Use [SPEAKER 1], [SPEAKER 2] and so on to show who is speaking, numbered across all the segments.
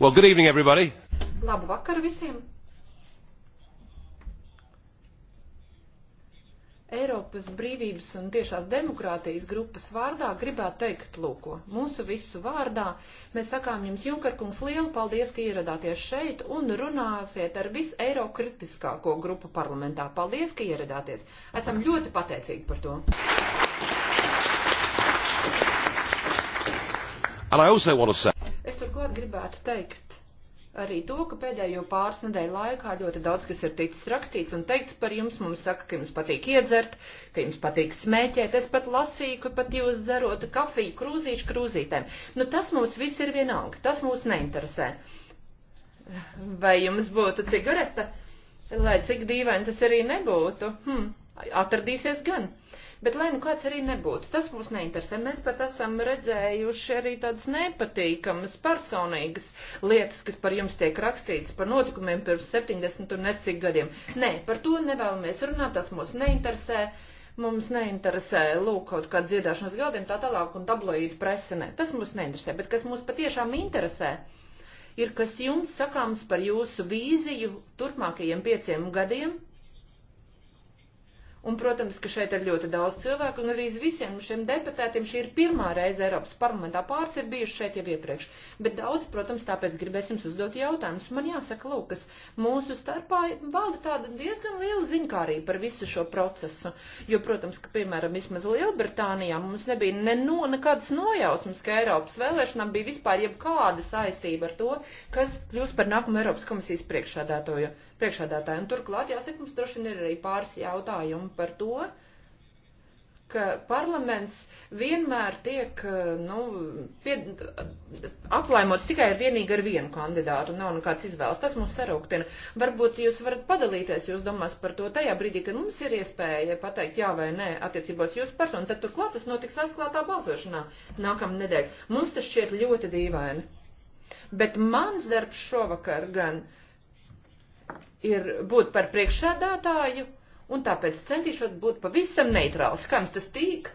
[SPEAKER 1] Well, good evening, everybody. Labu vakaru visiem. Eiropas brīvības un tiešās demokrātijas grupas vārdā gribētu teikt, lūko, mūsu visu vārdā mēs sakām jums, Junkarkungs, lielu paldies, ka ieradāties šeit un runāsiet ar visu eiro kritiskāko grupu parlamentā. Paldies, ka ieradāties. Esam ļoti pateicīgi par to. And I also want to say gribētu teikt arī to, ka pēdējo pāris nedēļu laikā ļoti daudz kas ir ticis rakstīts un teikts par jums. Mums saka, ka jums patīk iedzert, ka jums patīk smēķēt. Es pat lasīju, ka pat jūs dzerot kafiju krūzīšu krūzītēm. Nu, tas mums viss ir vienalga, tas mūs neinteresē. Vai jums būtu cigareta? Lai cik dīvaini tas arī nebūtu, hm, atradīsies gan. Bet lai nu kāds arī nebūtu, tas mums neinteresē. Mēs pat esam redzējuši arī tādas nepatīkamas personīgas lietas, kas par jums tiek rakstītas par notikumiem pirms 70 un nescik gadiem. Nē, par to nevēlamies runāt, tas mūs neinteresē mums neinteresē, lūk, kaut kā dziedāšanas galdiem tā tālāk un tabloīdu presinē. Tas mums neinteresē, bet kas mums patiešām interesē, ir, kas jums sakāms par jūsu vīziju turpmākajiem pieciem gadiem Un, protams, ka šeit ir ļoti daudz cilvēku, un arī visiem šiem deputātiem šī ir pirmā reize Eiropas parlamentā. Pāris ir bijuši šeit jau iepriekš. Bet daudz, protams, tāpēc gribēs jums uzdot jautājumus. Man jāsaka, lūk, kas mūsu starpā valda tāda diezgan liela ziņkārība par visu šo procesu. Jo, protams, ka, piemēram, vismaz Lielbritānijā mums nebija ne no, nekādas nojausmas, ka Eiropas vēlēšanām bija vispār jebkāda saistība ar to, kas kļūs par nākamu Eiropas komisijas priekšādātoju priekšādātāju. Un turklāt, jāsaka, mums droši vien ir arī pāris jautājumu par to, ka parlaments vienmēr tiek eh, nu, pie, aplaimots tikai ar vienīgi ar vienu kandidātu, nav nekāds izvēles. Tas mums sarūktina. Varbūt jūs varat padalīties jūs domās par to tajā brīdī, kad mums ir iespēja pateikt jā vai nē attiecībos jūsu personu, tad turklāt tas notiks atklātā balsošanā nākamnedēļ. Mums tas šķiet ļoti dīvaini. Bet mans darbs šovakar gan. Uh, ir būt par priekšsēdētāju, un tāpēc centīšos būt pavisam neitrāls. Kam tas tīk?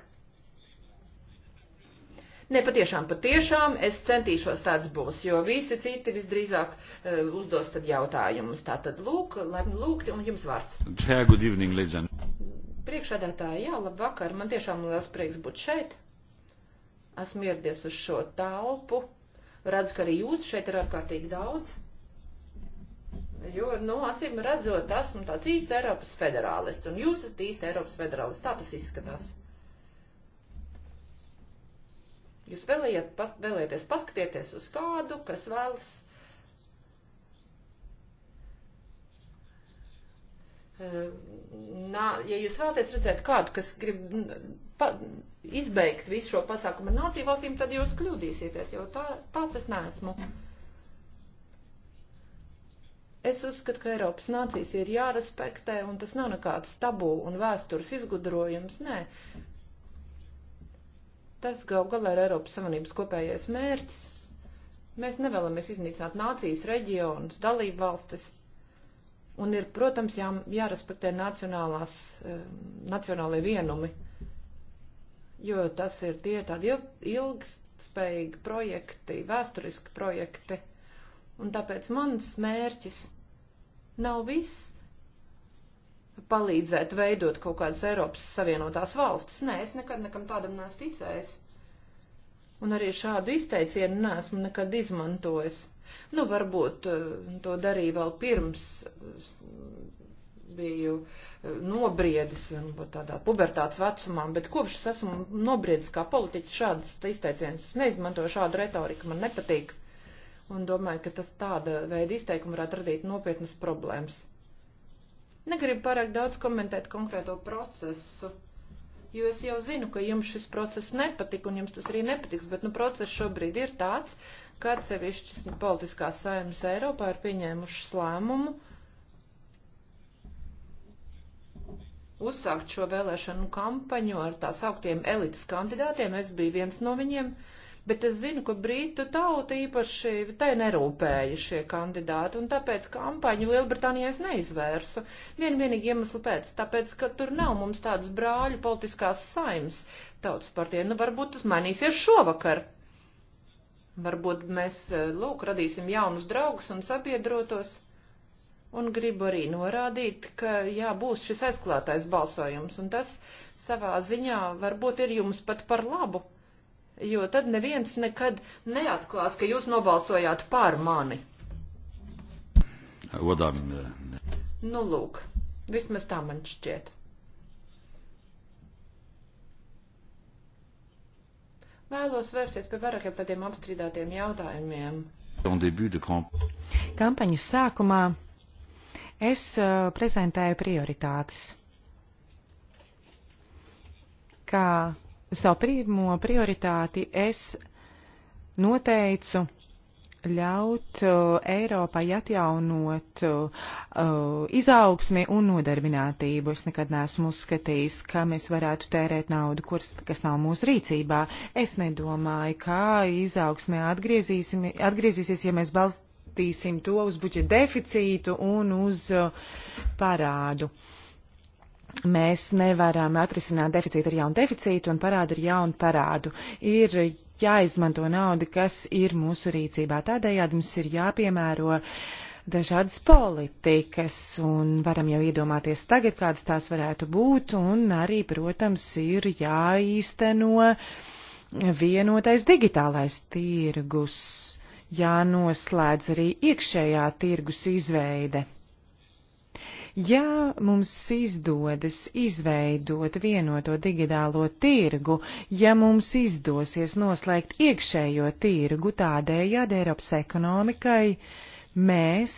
[SPEAKER 1] Ne, patiešām, patiešām es centīšos tāds būs, jo visi citi visdrīzāk uh, uzdos tad jautājumus. Tā tad lūk, laipni lūgti, un jums vārds.
[SPEAKER 2] Chair, good evening, ladies and
[SPEAKER 1] Priekšādātāji, jā, labvakar, man tiešām liels prieks būt šeit. Esmu ieradies uz šo talpu. Redzu, ka arī jūs šeit ir ārkārtīgi daudz. Jo, nu, acīm redzot, esmu tāds īsts Eiropas federālists, un jūs esat īsts Eiropas federālists. Tā tas izskatās. Jūs vēlējiet, pa, vēlēties paskatieties uz kādu, kas vēlas Nā, ja jūs vēlaties redzēt kādu, kas grib pa, izbeigt visu šo pasākumu ar nāciju valstīm, tad jūs kļūdīsieties, jo tā, tāds es neesmu. Mm. Es uzskatu, ka Eiropas nācijas ir jārespektē, un tas nav nekāds tabū un vēstures izgudrojums, nē. Tas gal galā ir Eiropas Savienības kopējais mērķis. Mēs nevēlamies iznīcināt nācijas reģionus, dalību valstis, un ir, protams, jā, jārespektē nacionālās, um, nacionālai vienumi, jo tas ir tie tādi ilg, ilgspējīgi projekti, vēsturiski projekti. Un tāpēc mans mērķis nav viss palīdzēt veidot kaut kādas Eiropas Savienotās valstis. Nē, es nekad nekam tādam neesmu ticējis. Un arī šādu izteicienu neesmu nekad izmantojis. Nu, varbūt eh, to darīju vēl pirms eh, biju eh, nobriedis, varbūt tādā pubertātes vecumā, bet kopš es esmu nobriedis kā politiķis šādas izteicienas, es neizmantoju šādu retoriku, man nepatīk un domāju, ka tas tāda veida izteikumi varētu radīt nopietnas problēmas. Negribu pārāk daudz komentēt konkrēto procesu, jo es jau zinu, ka jums šis process nepatika un jums tas arī nepatiks, bet nu process šobrīd ir tāds, ka atsevišķas politiskās saimas Eiropā ir pieņēmušas lēmumu uzsākt šo vēlēšanu kampaņu ar tās augtiem elites kandidātiem. Es biju viens no viņiem. Uh, bet es zinu, ka Brītu tauta īpaši tai nerūpēja šie kandidāti, un tāpēc kampaņu Lielbritānijā es neizvērsu. Vien vienīgi iemesli pēc, tāpēc, ka tur nav mums tādas brāļu politiskās saimas tautas partija. Nu, varbūt tas mainīsies šovakar. Varbūt mēs, eh, lūk, radīsim jaunus draugus un sabiedrotos. Un gribu arī norādīt, ka jā, būs šis aizklātais balsojums, un tas savā ziņā varbūt ir jums pat par labu jo tad neviens nekad neatklās, ka jūs nobalsojāt pār mani. Odām. Nu, lūk, vismaz tā man šķiet. Vēlos vērsties pie vairākiem tādiem apstrīdātiem jautājumiem.
[SPEAKER 2] Kampaņas sākumā es uh, prezentēju prioritātes, kā savu pirmo prioritāti es noteicu ļaut uh, Eiropai atjaunot uh, uh, izaugsmi un nodarbinātību. Es nekad neesmu uzskatījis, ka mēs varētu tērēt naudu, kurs, kas nav mūsu rīcībā. Es nedomāju, kā izaugsmē atgriezīsies, ja mēs balstīsim to uz budžeta deficītu un uz uh, parādu. Uh, mēs nevaram atrisināt deficītu ar jaunu deficītu un parādu ar jaunu parādu. Ir jāizmanto nauda, kas ir mūsu rīcībā. Tādējādi mums ir jāpiemēro dažādas politikas un varam jau iedomāties tagad, kādas tās varētu būt un arī, protams, ir jāīsteno vienotais digitālais tirgus, jānoslēdz arī iekšējā tirgus izveide Ja mums izdodas izveidot vienoto digitālo tirgu, ja mums izdosies noslēgt iekšējo tirgu tādējādi Eiropas ekonomikai, mēs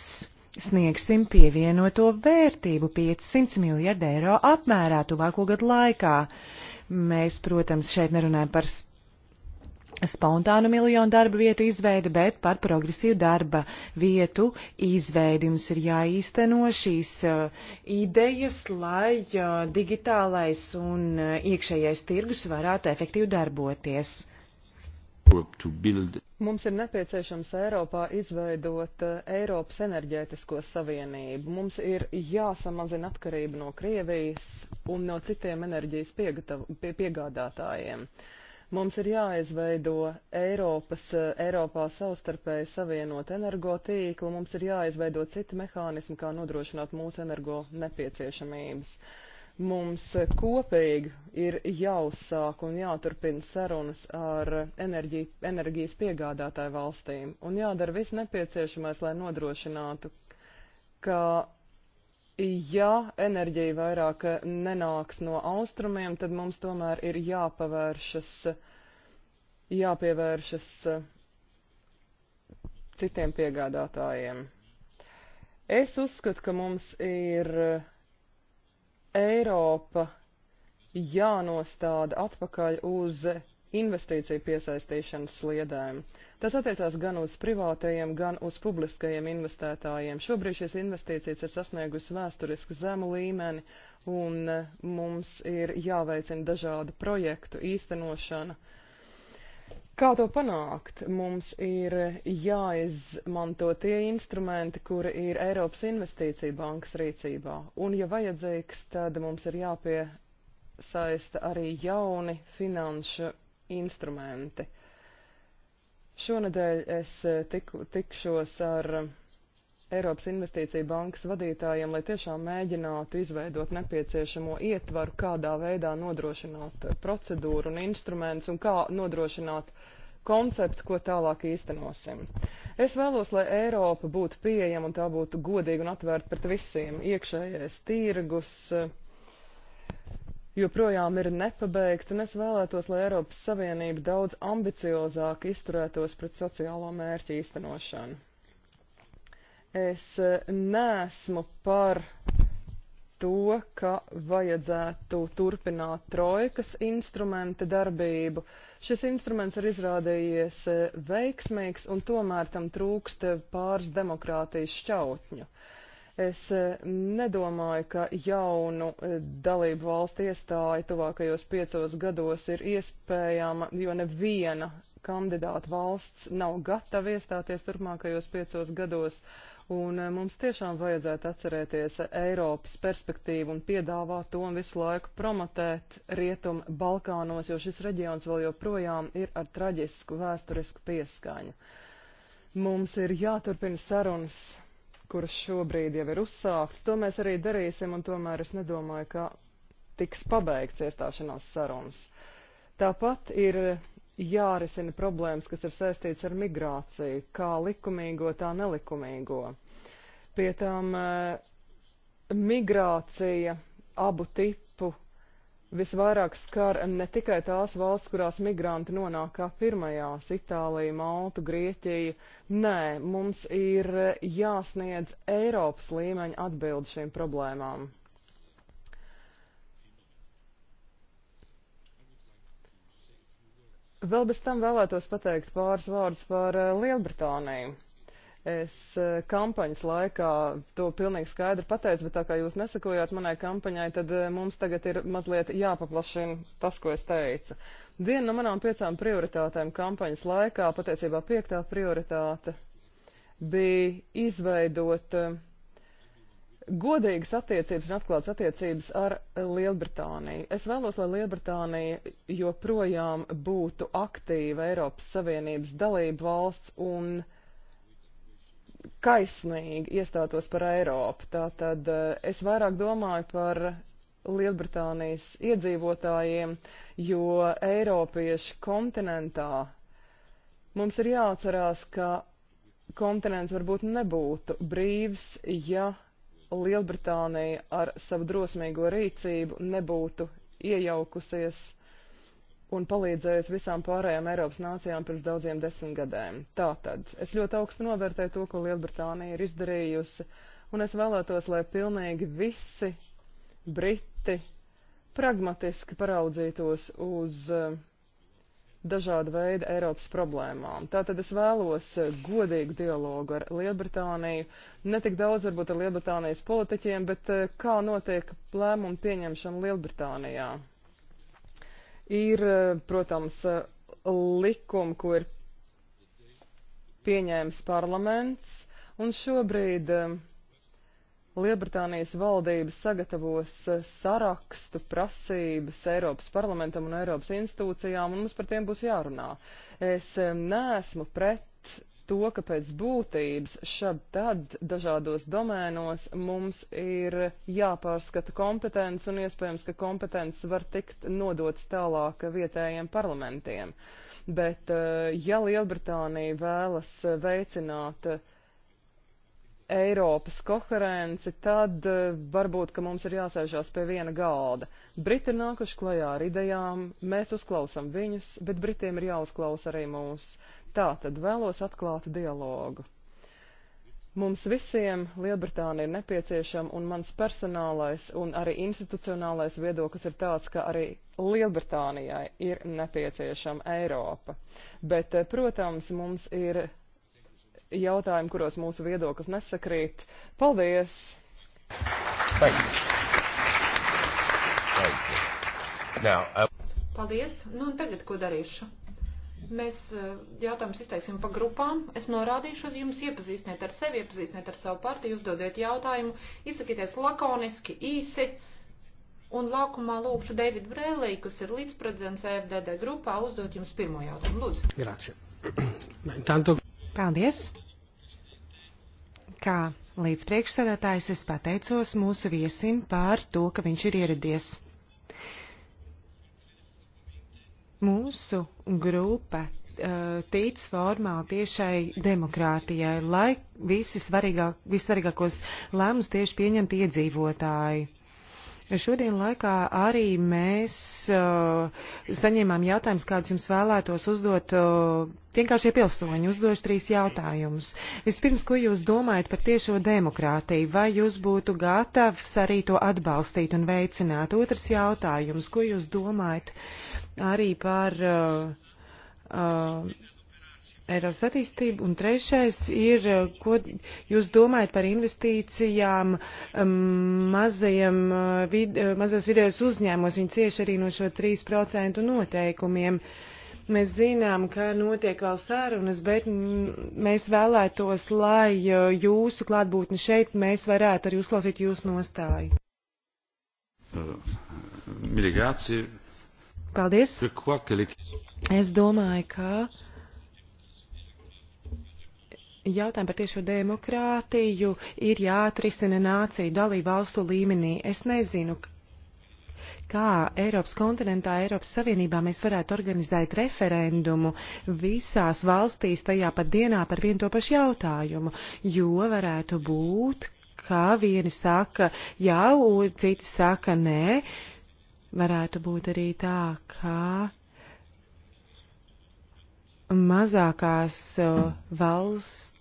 [SPEAKER 2] sniegsim pievienoto vērtību 500 miljardu eiro apmērā tuvāko gadu laikā. Mēs, protams, šeit nerunājam par spontānu miljonu darba vietu izveidi, bet par progresīvu darba vietu izveidi. Mums ir jāīsteno šīs eh, idejas, lai eh, digitālais un eh, iekšējais tirgus varētu efektīvi darboties.
[SPEAKER 3] Mums ir nepieciešams Eiropā izveidot Eiropas enerģētisko savienību. Mums ir jāsamazina atkarība no Krievijas un no citiem enerģijas pie, piegādātājiem. Uh, Mums ir jāizveido Eiropas, eh, Eiropā savstarpēji savienot energotīklu, mums ir jāizveido citi mehānismi, kā nodrošināt mūsu energo nepieciešamības. Mums eh, kopīgi ir jāuzsāk un jāturpina sarunas ar enerģi, enerģijas piegādātāju valstīm un jādara viss nepieciešamais, lai nodrošinātu, ka ja enerģija vairāk nenāks no austrumiem, tad mums tomēr ir jāpavēršas, jāpievēršas citiem piegādātājiem. Es uzskatu, ka mums ir Eiropa jānostāda atpakaļ uz investīciju piesaistīšanas sliedēm. Tas attiecās gan uz privātajiem, gan uz publiskajiem investētājiem. Šobrīd šīs investīcijas ir sasniegusi vēsturiski zemu līmeni, un eh, mums ir jāveicina dažādu projektu īstenošana. Kā to panākt? Mums ir jāizmanto tie instrumenti, kuri ir Eiropas Investīcija bankas rīcībā, un, ja vajadzīgs, tad mums ir jāpiesaista arī jauni finanšu instrumenti. Šonadēļ es eh, tiku, tikšos ar eh, Eiropas Investīcija bankas vadītājiem, lai tiešām mēģinātu izveidot nepieciešamo ietvaru, kādā veidā nodrošināt eh, procedūru un instruments un kā nodrošināt konceptu, ko tālāk īstenosim. Es vēlos, lai Eiropa būtu pieejama un tā būtu godīga un atvērta pret visiem - iekšējais tirgus, uh, joprojām ir nepabeigts, un es vēlētos, lai Eiropas Savienība daudz ambiciozāk izturētos pret sociālo mērķu īstenošanu. Es eh, nesmu par to, ka vajadzētu turpināt trojkas instrumenta darbību. Šis instruments ir izrādījies eh, veiksmīgs, un tomēr tam trūkst eh, pāris demokrātijas šķautņu. Uh, Es eh, nedomāju, ka jaunu eh, dalību valstu iestāja tuvākajos piecos gados ir iespējama, jo neviena kandidāta valsts nav gatava iestāties turpmākajos piecos gados. Un eh, mums tiešām vajadzētu atcerēties Eiropas perspektīvu un piedāvāt to un visu laiku promotēt Rietumu Balkānos, jo šis reģions vēl joprojām ir ar traģisku vēsturisku pieskaņu. Mums ir jāturpina sarunas kuras šobrīd jau ir uzsāktas, to mēs arī darīsim, un tomēr es nedomāju, ka tiks pabeigts iestāšanās sarunas. Tāpat ir jārisina problēmas, kas ir saistīts ar migrāciju, kā likumīgo, tā nelikumīgo. Pie tām eh, migrācija abu tipu visvairāk skar ne tikai tās valsts, kurās migranti nonāk kā pirmajās - Itālija, Malta, Grieķija. Nē, mums ir jāsniedz Eiropas līmeņa atbildi šīm problēmām. Vēl bez tam vēlētos pateikt pāris vārdus par eh, Lielbritāniju. Es e, kampaņas laikā to pilnīgi skaidri pateicu, bet tā kā jūs nesakojāt manai kampaņai, tad e, mums tagad ir mazliet jāpaplašina tas, ko es teicu. Viena no manām piecām prioritātēm kampaņas laikā, patiesībā piektā prioritāte, bija izveidot e, godīgas attiecības un atklātas attiecības ar Lielbritāniju. Es vēlos, lai Lielbritānija joprojām būtu aktīva Eiropas Savienības dalība valsts un kaisnīgi iestātos par Eiropu. Tātad eh, es vairāk domāju par Lielbritānijas iedzīvotājiem, jo Eiropieši kontinentā mums ir jāatcerās, ka kontinents varbūt nebūtu brīvs, ja Lielbritānija ar savu drosmīgo rīcību nebūtu iejaukusies un palīdzējis visām pārējām Eiropas nācijām pirms daudziem desmitgadēm. Tātad es ļoti augstu novērtēju to, ko Lielbritānija ir izdarījusi, un es vēlētos, lai pilnīgi visi briti pragmatiski paraudzītos uz eh, dažāda veida Eiropas problēmām. Tātad es vēlos eh, godīgu dialogu ar Lielbritāniju, ne tik daudz varbūt ar Lielbritānijas politiķiem, bet eh, kā notiek lēmumu pieņemšana Lielbritānijā. Ir, eh, protams, eh, likumi, ko ir pieņēmis parlaments, un šobrīd eh, Liebritānijas valdība sagatavos sarakstu prasības Eiropas parlamentam un Eiropas institūcijām, un mums par tiem būs jārunā. Es neesmu pret to, ka pēc būtības šad tad dažādos domēnos mums ir jāpārskata kompetence un iespējams, ka kompetence var tikt nodots tālāk vietējiem parlamentiem. Bet eh, ja Lielbritānija vēlas veicināt eh, Eiropas koherenci, tad eh, varbūt, ka mums ir jāsēžās pie viena galda. Briti ir nākuši klajā ar idejām, mēs uzklausam viņus, bet Britiem ir jāuzklausa arī mūsu Tā tad vēlos atklāt dialogu. Mums visiem Lielbritānija ir nepieciešama, un mans personālais un arī institucionālais viedoklis ir tāds, ka arī Lielbritānijai ir nepieciešama Eiropa. Bet, eh, protams, mums ir jautājumi, kuros mūsu viedoklis nesakrīt. Paldies! Thank you.
[SPEAKER 1] Thank you. Now, uh... Paldies! Nu, un tagad ko darīšu? Mēs eh, jautājumus izteiksim pa grupām. Es norādīšu uz jums, iepazīstiniet ar sevi, iepazīstiniet ar savu partiju, uzdodiet jautājumu, izsakieties lakoniski, īsi. Un laukumā lūkšu Davidu Brēlī, kas ir līdzpredzents EFDD grupā, uzdot jums pirmo jautājumu.
[SPEAKER 2] Lūdzu. Grācija. Tanto. Paldies. Kā līdz priekšsēdētājs es pateicos mūsu viesim par to, ka viņš ir ieradies. Mūsu grupa eh, tic formāli tiešai demokrātijai, lai visi svarīgāk, vissvarīgākos lēmumus tieši pieņemtu iedzīvotāji. Šodien laikā arī mēs uh, saņēmām jautājumus, kādus jums vēlētos uzdot. Uh, Vienkāršie pilsoņi uzdošu trīs jautājumus. Vispirms, ko jūs domājat par tiešo demokrātiju? Vai jūs būtu gatavs arī to atbalstīt un veicināt? Otrs jautājums, ko jūs domājat arī par. Uh, uh, Eiropas attīstību, un trešais ir, eh, ko jūs domājat par investīcijām ehm, mazajiem, eh, vid, eh, mazos vidējos uzņēmos, viņi cieši arī no šo 3% noteikumiem. Mēs zinām, ka notiek vēl sarunas, bet mēs vēlētos, lai jūsu klātbūtni šeit mēs varētu arī uzklausīt jūsu nostāju.
[SPEAKER 1] Miligācija.
[SPEAKER 2] Paldies. Es domāju, ka jautājumi par tiešo demokrātiju ir jāatrisina nāciju dalību valstu līmenī. Es nezinu, kā Eiropas kontinentā, Eiropas Savienībā mēs varētu organizēt referendumu visās valstīs tajā pat dienā par vienu to pašu jautājumu, jo varētu būt, kā vieni saka jā, un citi saka nē. Varētu būt arī tā, ka mazākās valsts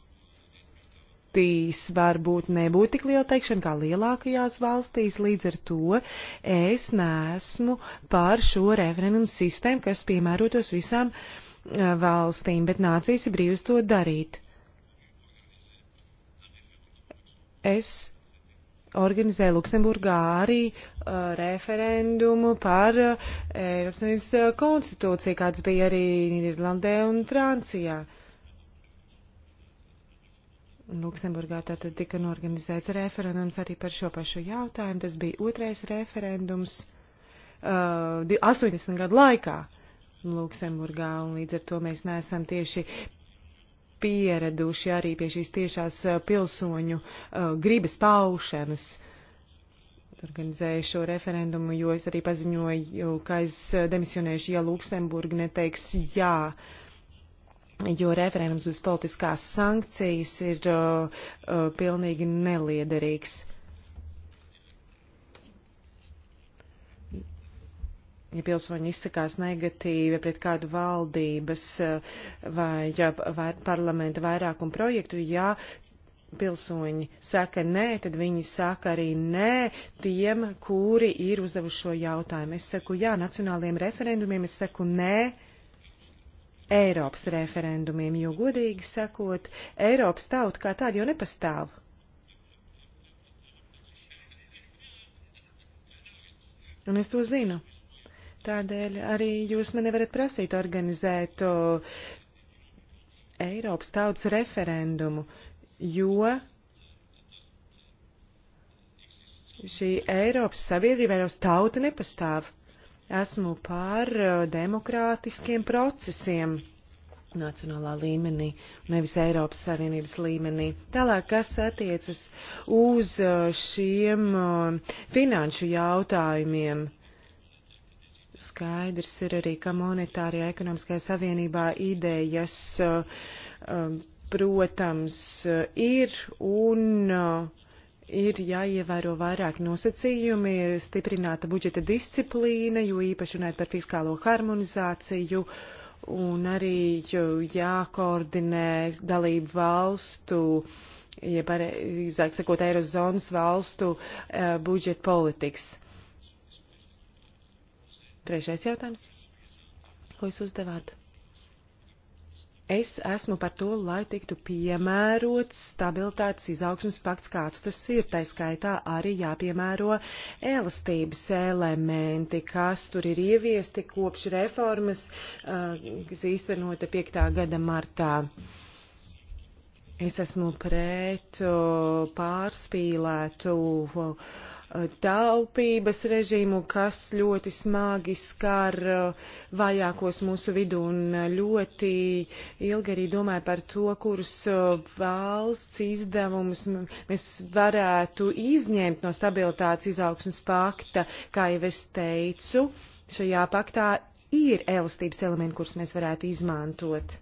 [SPEAKER 2] valstīs varbūt nebūtu tik liela teikšana kā lielākajās valstīs, līdz ar to es nesmu par šo referendumu sistēmu, kas piemērotos visām eh, valstīm, bet nācijas ir brīvs to darīt. Es organizēja Luksemburgā arī uh, referendumu par uh, Eiropas Savienības konstitūciju, kāds bija arī Nīderlandē un Francijā. Uh, Luksemburgā tātad tika norganizēts referendums arī par šo pašu jautājumu. Tas bija otrais referendums uh, 80 gadu laikā Luksemburgā, un līdz ar to mēs neesam tieši pieraduši arī pie šīs tiešās uh, pilsoņu uh, gribas paušanas. Organizēju šo referendumu, jo es arī paziņoju, ka es uh, demisionēšu, ja Luksemburga neteiks jā. Uh, jo referendums bez politiskās sankcijas ir uh, uh, pilnīgi neliederīgs. Ja pilsoņi izsakās negatīvi pret kādu valdības uh, vai ja, vai, parlamenta vairākumu projektu, ja pilsoņi saka nē, tad viņi saka arī nē tiem, kuri ir uzdevuši šo jautājumu. Es saku jā nacionāliem referendumiem, es saku nē Eiropas referendumiem, jo, godīgi sakot, Eiropas tauta kā tāda jau nepastāv. Un es to zinu. Tādēļ arī jūs man nevarat prasīt organizēt o, Eiropas tautas referendumu, jo šī Eiropas sabiedrība, Eiropas tauta nepastāv. Esmu pār uh, demokrātiskiem procesiem nacionālā līmenī, nevis Eiropas Savienības līmenī. Tālāk, kas attiecas uz uh, šiem uh, finanšu jautājumiem, skaidrs ir arī, ka monetārajā ekonomiskajā savienībā idejas, um, protams, ir un ir jāievēro vairāk nosacījumi, ir stiprināta budžeta disciplīna, jo īpaši runājot par fiskālo harmonizāciju, un arī jākoordinē dalību valstu, ja pareizāk sakot, Eirozonas valstu eh, budžeta politikas. Trešais jautājums, ko jūs uzdevāt? Es esmu par to, lai tiktu piemērots stabilitātes izaugsmas pakts, kāds tas ir. Tā skaitā arī jāpiemēro elastības elementi, kas tur ir ieviesti kopš reformas, uh, kas īstenota 5. gada martā. Es esmu pret uh, pārspīlētu uh, Eh, taupības režīmu, kas ļoti smagi skar eh, vajākos mūsu vidū un eh, ļoti ilgi arī domāju par to, kurus valsts izdevumus mēs varētu izņemt no stabilitātes izaugsmas pakta, kā jau es teicu, šajā paktā ir elastības elementi, kurus mēs varētu izmantot.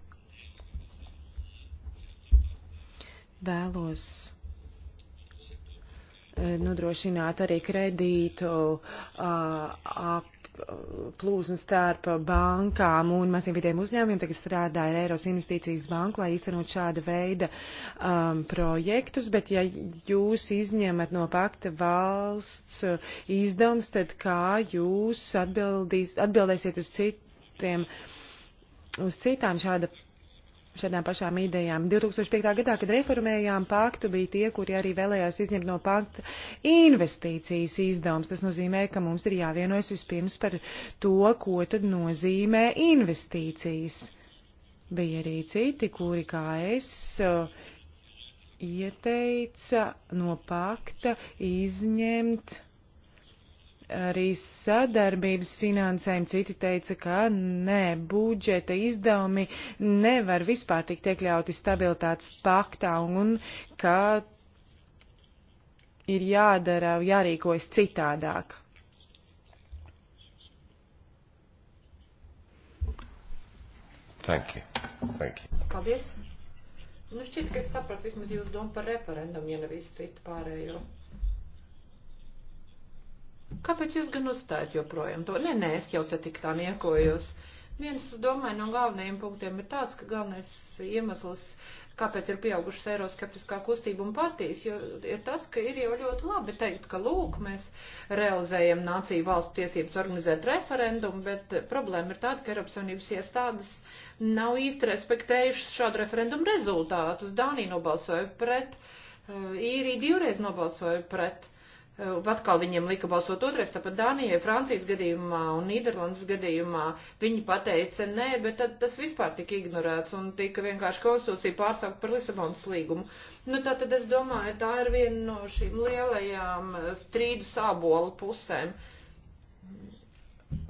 [SPEAKER 2] Vēlos Eh, nodrošināt arī kredītu eh, ap eh, plūsmas starp bankām un maziem vidiem uzņēmumiem, tagad strādāja ar Eiropas investīcijas banku, lai īstenot šāda veida um, projektus, bet ja jūs izņemat no pakta valsts izdevums, tad kā jūs atbildīs, atbildēsiet uz citiem, uz citām šāda šādām pašām idejām. 2005. gadā, kad reformējām paktu, bija tie, kuri arī vēlējās izņemt no pakta investīcijas izdevums. Tas nozīmē, ka mums ir jāvienojas vispirms par to, ko tad nozīmē investīcijas. Bija arī citi, kuri, kā es, ieteica no pakta izņemt arī sadarbības finansējumu. Citi teica, ka nē, budžeta izdevumi nevar vispār tikt iekļauti stabilitātes paktā un, un ka ir jādara, jārīkojas citādāk.
[SPEAKER 1] Thank you. Thank you. Paldies. Nu šķiet, ka es sapratu vismaz jūsu domu par referendumu, ja nevis citu pārējo. Kāpēc jūs gan uzstājat joprojām to? Nē, nē, es jau te tik tā niekojos. Viens, domāju, no galvenajiem punktiem ir tāds, ka galvenais iemesls, kāpēc ir pieaugušas eiroskeptiskā kustība un partijas, jo ir tas, ka ir jau ļoti labi teikt, ka lūk, mēs realizējam nāciju valstu tiesības organizēt referendumu, bet problēma ir tāda, ka Eiropas Savienības iestādes nav īsti respektējušas šādu referendumu rezultātus. Dānija nobalsoja pret, eh, īrija divreiz nobalsoja pret. Atkal viņiem lika balsot otrais, tāpat Dānijai, Francijas gadījumā un Nīderlandes gadījumā viņi pateica nē, bet tad tas vispār tika ignorēts un tika vienkārši konstitūcija pārsaukt par Lisabonas līgumu. Nu, tā tad es domāju, tā ir viena no šīm lielajām strīdu sābola pusēm.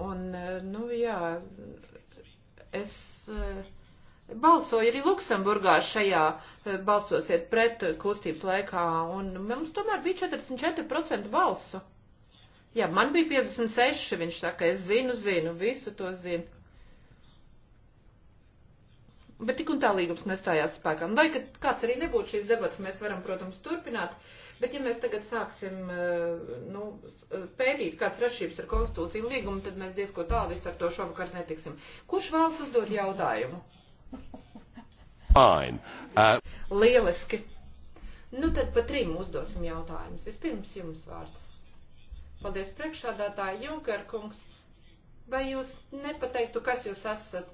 [SPEAKER 1] Un, nu, jā, es. Uh, balsoja arī Luksemburgā šajā e, balsosiet pret kustības laikā, un mums tomēr bija 44% balsu. Jā, man bija 56, viņš saka, es zinu, zinu, visu to zinu. Bet tik un tā līgums nestājās spēkā. Lai nu, kāds arī nebūtu šīs debats, mēs varam, protams, turpināt, bet ja mēs tagad sāksim e, nu, e, pētīt, kāds rašības ar konstitūciju līgumu, tad mēs diezko tālu visu ar to šovakar netiksim. Kurš vēlas uzdot jautājumu? Fine. Uh... Lieliski. Nu tad pa trim uzdosim jautājumus. Vispirms jums vārds. Paldies priekšādātāji Junker kungs. Vai jūs nepateiktu, kas jūs esat?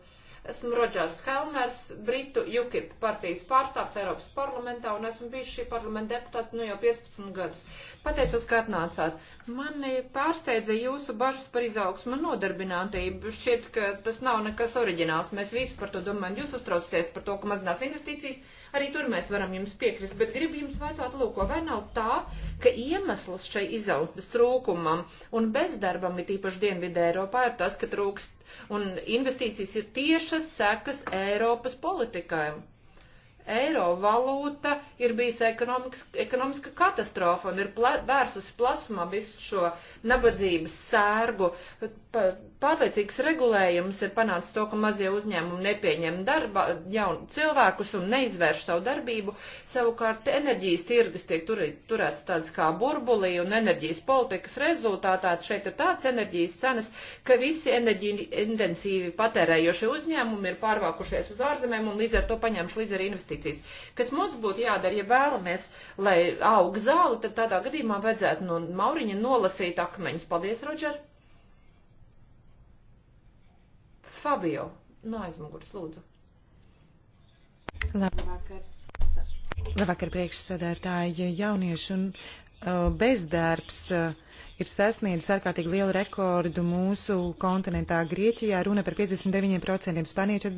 [SPEAKER 1] Esmu Rodžers Helmers, Britu UKIP partijas pārstāvs Eiropas parlamentā un esmu bijis šī parlamenta deputāts nu jau 15 gadus. Pateicos, ka atnācāt. Mani pārsteidza jūsu bažas par izaugsmu un nodarbinātību. Šķiet, ka tas nav nekas oriģināls. Mēs visi par to domājam. Jūs uztraucaties par to, ka mazinās investīcijas Arī tur mēs varam jums piekrist, bet gribu jums vaicāt, lūk, vai nav tā, ka iemesls šai izaugsmes trūkumam un bezdarbam, it īpaši Dienvidē Eiropā, ir tas, ka trūkst un investīcijas ir tiešas sekas Eiropas politikai. Eiro valūta ir bijusi ekonomiska katastrofa un ir pla, vērsusi plasmā visu šo nabadzības sērgu. Pa, Pārliecīgs regulējums ir panācis to, ka mazie uzņēmumi nepieņem darba jaunu cilvēkus un neizvērš savu darbību. Savukārt enerģijas tirgas tiek turī, turēts tāds kā burbulī un enerģijas politikas rezultātā šeit ir tāds enerģijas cenas, ka visi enerģiju intensīvi patērējošie uzņēmumi ir pārvākušies uz ārzemēm un līdz ar to paņemši līdz arī investīcijas. Kas mums būtu jādara, ja vēlamies, lai aug zāli, tad tādā gadījumā vajadzētu no Mauriņa nolasīt akmeņus. Paldies, Rodžer! Fabio, no aizmugures, lūdzu.
[SPEAKER 2] Labvakar. Labvakar, priekšsēdētāji, jaunieši un uh, bezdarbs. Uh, ir sasniedzis ārkārtīgi lielu rekordu mūsu kontinentā. Grieķijā runa par 59%, Spānija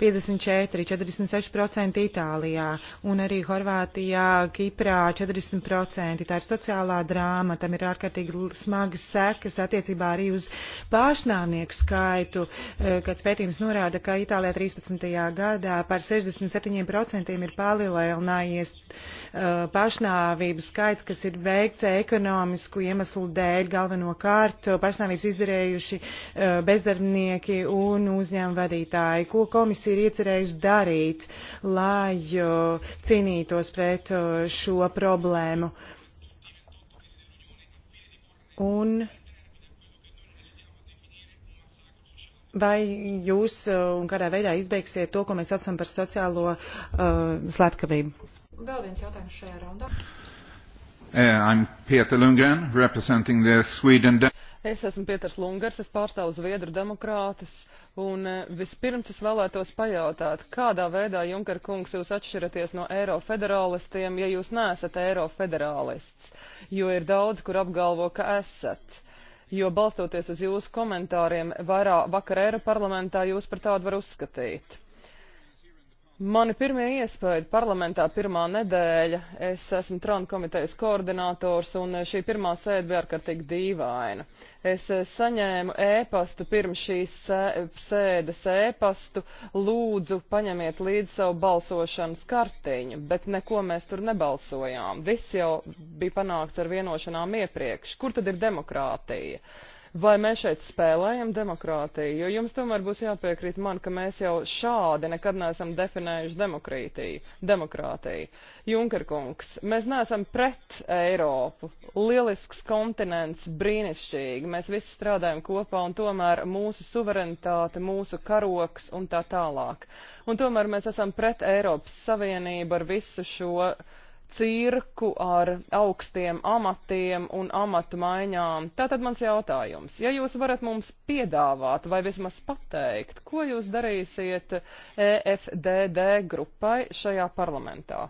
[SPEAKER 2] 54%, 46% Itālijā un arī Horvātijā, Kiprā 40%. Tā ir sociālā drāma, tam ir ārkārtīgi smagas sekas attiecībā arī uz pāršnāvnieku skaitu, eh, kāds pētījums norāda, ka Itālijā 13. gadā par 67% ir palielinājies eh, pāršnāvību skaits, kas ir veikts ekonomisku iemeslu dēļ dēļ galvenokārt pašnāvības izdarējuši eh, bezdarbnieki un uzņēmu vadītāji. Ko komisija ir iecerējusi darīt, lai eh, cīnītos pret eh, šo problēmu? Un vai jūs un kādā veidā izbeigsiet to, ko mēs saucam par sociālo uh, slepkavību?
[SPEAKER 1] Vēl viens jautājums šajā raundā. Uh, I'm Peter Lundgren, representing the Sweden.
[SPEAKER 3] Es esmu Pieters Lungars, es pārstāvu Zviedru demokrātus, un uh, vispirms es vēlētos pajautāt, kādā veidā, Junker kungs, jūs atšķiraties no eiro federālistiem, ja jūs neesat eiro federālists, jo ir daudz, kur apgalvo, ka esat. Jo balstoties uz jūsu komentāriem, vairāk vakar Eiroparlamentā jūs par tādu var uzskatīt. Mani pirmie iespēja parlamentā pirmā nedēļa, es esmu Trānu komitejas koordinators un šī pirmā sēde bija ārkārtīgi dīvaina. Es eh, saņēmu ēpastu e pirms šīs sēdes ēpastu, e lūdzu paņemiet līdzi savu balsošanas kartiņu, bet neko mēs tur nebalsojām. Viss jau bija panākts ar vienošanām iepriekš. Kur tad ir demokrātija? Uh, vai mēs šeit spēlējam demokrātiju, jo jums tomēr būs jāpiekrīt man, ka mēs jau šādi nekad neesam definējuši demokrātiju. Junkerkungs, mēs neesam pret Eiropu. Lielisks kontinents, brīnišķīgi, mēs visi strādājam kopā un tomēr mūsu suverenitāte, mūsu karoks un tā tālāk. Un tomēr mēs esam pret Eiropas Savienību ar visu šo cirku ar augstiem amatiem un amatu maiņām. Tātad mans jautājums, ja jūs varat mums piedāvāt vai vismaz pateikt, ko jūs darīsiet EFDD grupai šajā parlamentā?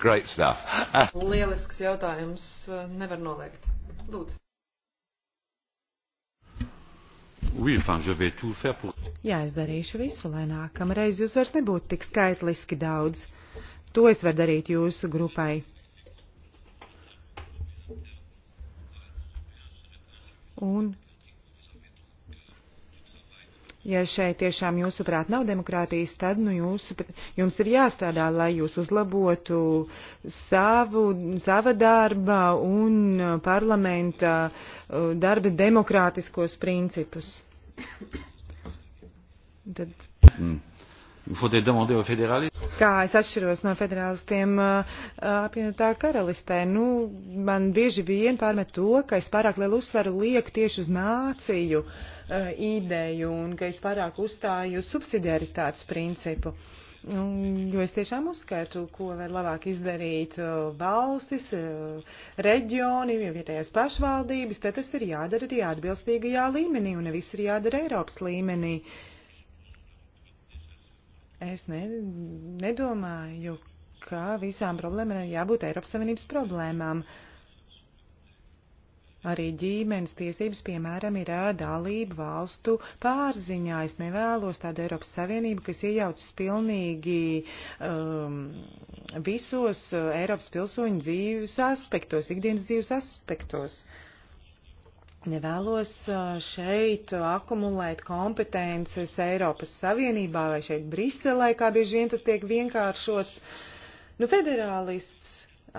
[SPEAKER 2] Great stuff.
[SPEAKER 3] Lielisks
[SPEAKER 1] jautājums, nevar noliegt. Lūdzu.
[SPEAKER 2] Oui, enfin, je vais tout faire pour... Jā, es darīšu visu, lai nākamreiz jūs vairs nebūtu tik skaitliski daudz. To es varu darīt jūsu grupai. Un, ja šeit tiešām jūsuprāt nav demokrātijas, tad nu, jūs, jums ir jāstrādā, lai jūs uzlabotu savu, sava darba un parlamenta uh, darba demokrātiskos principus. Tad. Mm. Kā es atšķiros no federālistiem apvienotā karalistē? Nu, man bieži vien pārmet to, ka es pārāk lielu uzsvaru lieku tieši uz nāciju uh, ideju un ka es pārāk uzstāju subsidiaritātes principu. Un, nu, jo es tiešām uzskatu, ko var labāk izdarīt valstis, reģioni, vietējās pašvaldības, tad tas ir jādara arī atbilstīgajā līmenī, un nevis ir jādara Eiropas līmenī. Uh, Es ne, nedomāju, ka visām problēmām ir jābūt Eiropas Savienības problēmām. Arī ģimenes tiesības, piemēram, ir dalību valstu pārziņā. Es nevēlos tādu Eiropas Savienību, kas iejaucas pilnīgi um, visos uh, Eiropas pilsoņu dzīves aspektos, ikdienas dzīves aspektos. Uh, Nevēlos uh, šeit akumulēt kompetences Eiropas Savienībā vai šeit Briselē, kā bieži vien tas tiek vienkāršots. Nu, federālists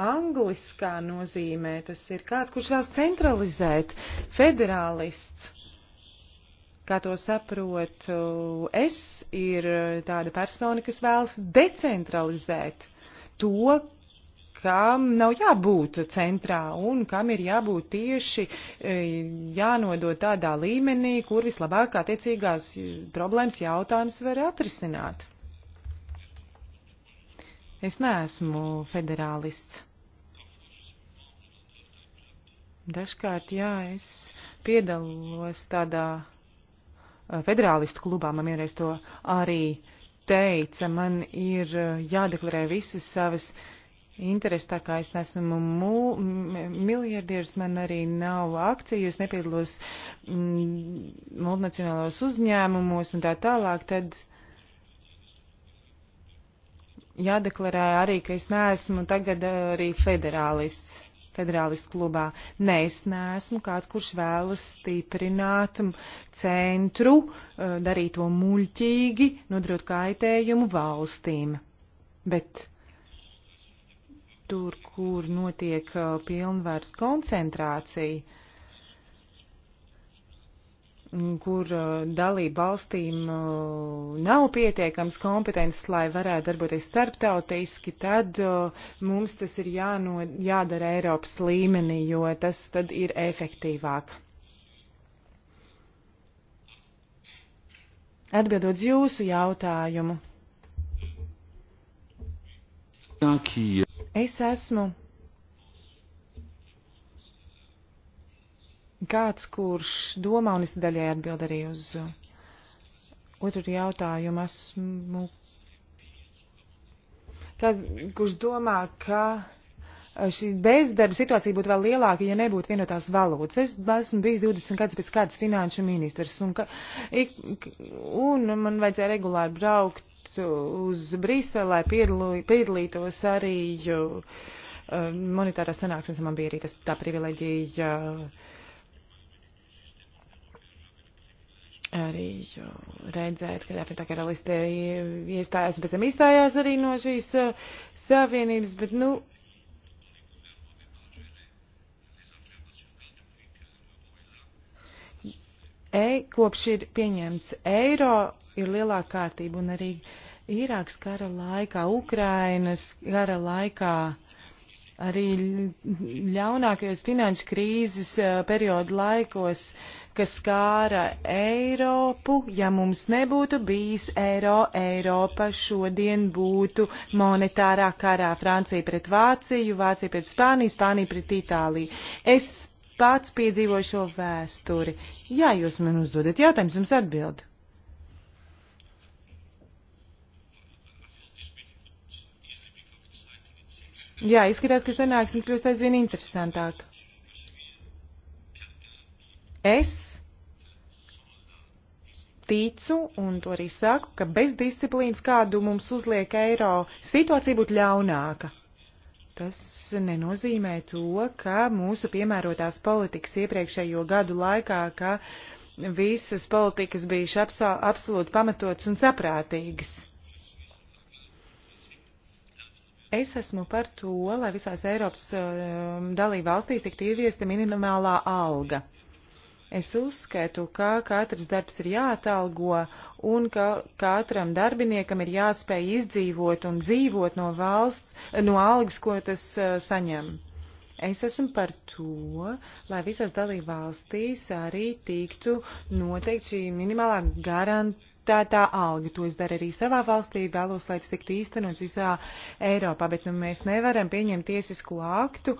[SPEAKER 2] angliskā nozīmē tas ir kāds, kurš vēlas centralizēt. Federālists, kā to saprotu, uh, es ir uh, tāda persona, kas vēlas decentralizēt to, kam nav jābūt centrā un kam ir jābūt tieši e, jānodod tādā līmenī, kur vislabāk attiecīgās problēmas jautājums var atrisināt. Es neesmu federālists. Dažkārt, jā, es piedalos tādā e, federālistu klubā, man vienreiz to arī teica, man ir e, jādeklarē visas savas uh, interesi, tā kā es nesmu miljardieris, man arī nav akciju, es nepiedalos mm, multinacionālos uzņēmumos un tā tālāk, tad jādeklarē arī, ka es neesmu tagad arī federālists. Federālistu klubā. Nē, es neesmu kāds, kurš vēlas stiprināt centru, eh, darīt to muļķīgi, nodrot kaitējumu valstīm. Bet tur, kur notiek uh, pilnvērs koncentrācija, kur uh, dalība valstīm uh, nav pietiekams kompetences, lai varētu darboties starptautiski, tad mums tas ir jāno, jādara Eiropas līmenī, jo tas tad ir efektīvāk. Atbildot jūsu jautājumu. Nākie Es esmu kāds, kurš domā, un es daļai atbild arī uz otru jautājumu, esmu kāds, kurš domā, ka šī bezdarba situācija būtu vēl lielāka, ja nebūtu vienotās valodas. Es esmu bijis 20 gadus pēc kādas finanšu ministrs, un, ka, ik, un man vajadzēja regulāri braukt uz Briselē piedalītos arī uh, monetārā sanāksmes, man bija arī tas, tā privileģija uh, arī redzēt, ka tā karaliste iestājās un pēc tam izstājās arī no šīs uh, savienības, bet nu. E, kopš ir pieņemts eiro, ir lielāka kārtība un arī Īrāks kara laikā, Ukrainas kara laikā, arī ļaunākajos finanšu krīzes eh, periodu laikos, kas skāra Eiropu, ja mums nebūtu bijis eiro, Eiropa šodien būtu monetārā karā. Francija pret Vāciju, Vācija pret Spāniju, Spānija pret Itāliju. Es pats piedzīvoju šo vēsturi. Jā, jūs man uzdodat jautājumus, jums atbildu. Jā, izskatās, ka sanāksim kļūst aizvien interesantāk. Es ticu, un to arī saku, ka bez disciplīnas, kādu mums uzliek eiro, situācija būtu ļaunāka. Tas nenozīmē to, ka mūsu piemērotās politikas iepriekšējo gadu laikā, ka visas politikas bijušas absolūti pamatotas un saprātīgas. Es esmu par to, lai visās Eiropas um, dalība valstīs tiktu ieviesta minimālā alga. Es uzskatu, ka katrs darbs ir jāatalgo un ka katram darbiniekam ir jāspēj izdzīvot un dzīvot no valsts, no algas, ko tas uh, saņem. Es esmu par to, lai visās dalība valstīs arī tiktu noteikti šī minimālā garantija respektētā alga. To es daru arī savā valstī, vēlos, lai tas tiktu īstenots visā Eiropā, bet nu, mēs nevaram pieņemt tiesisko aktu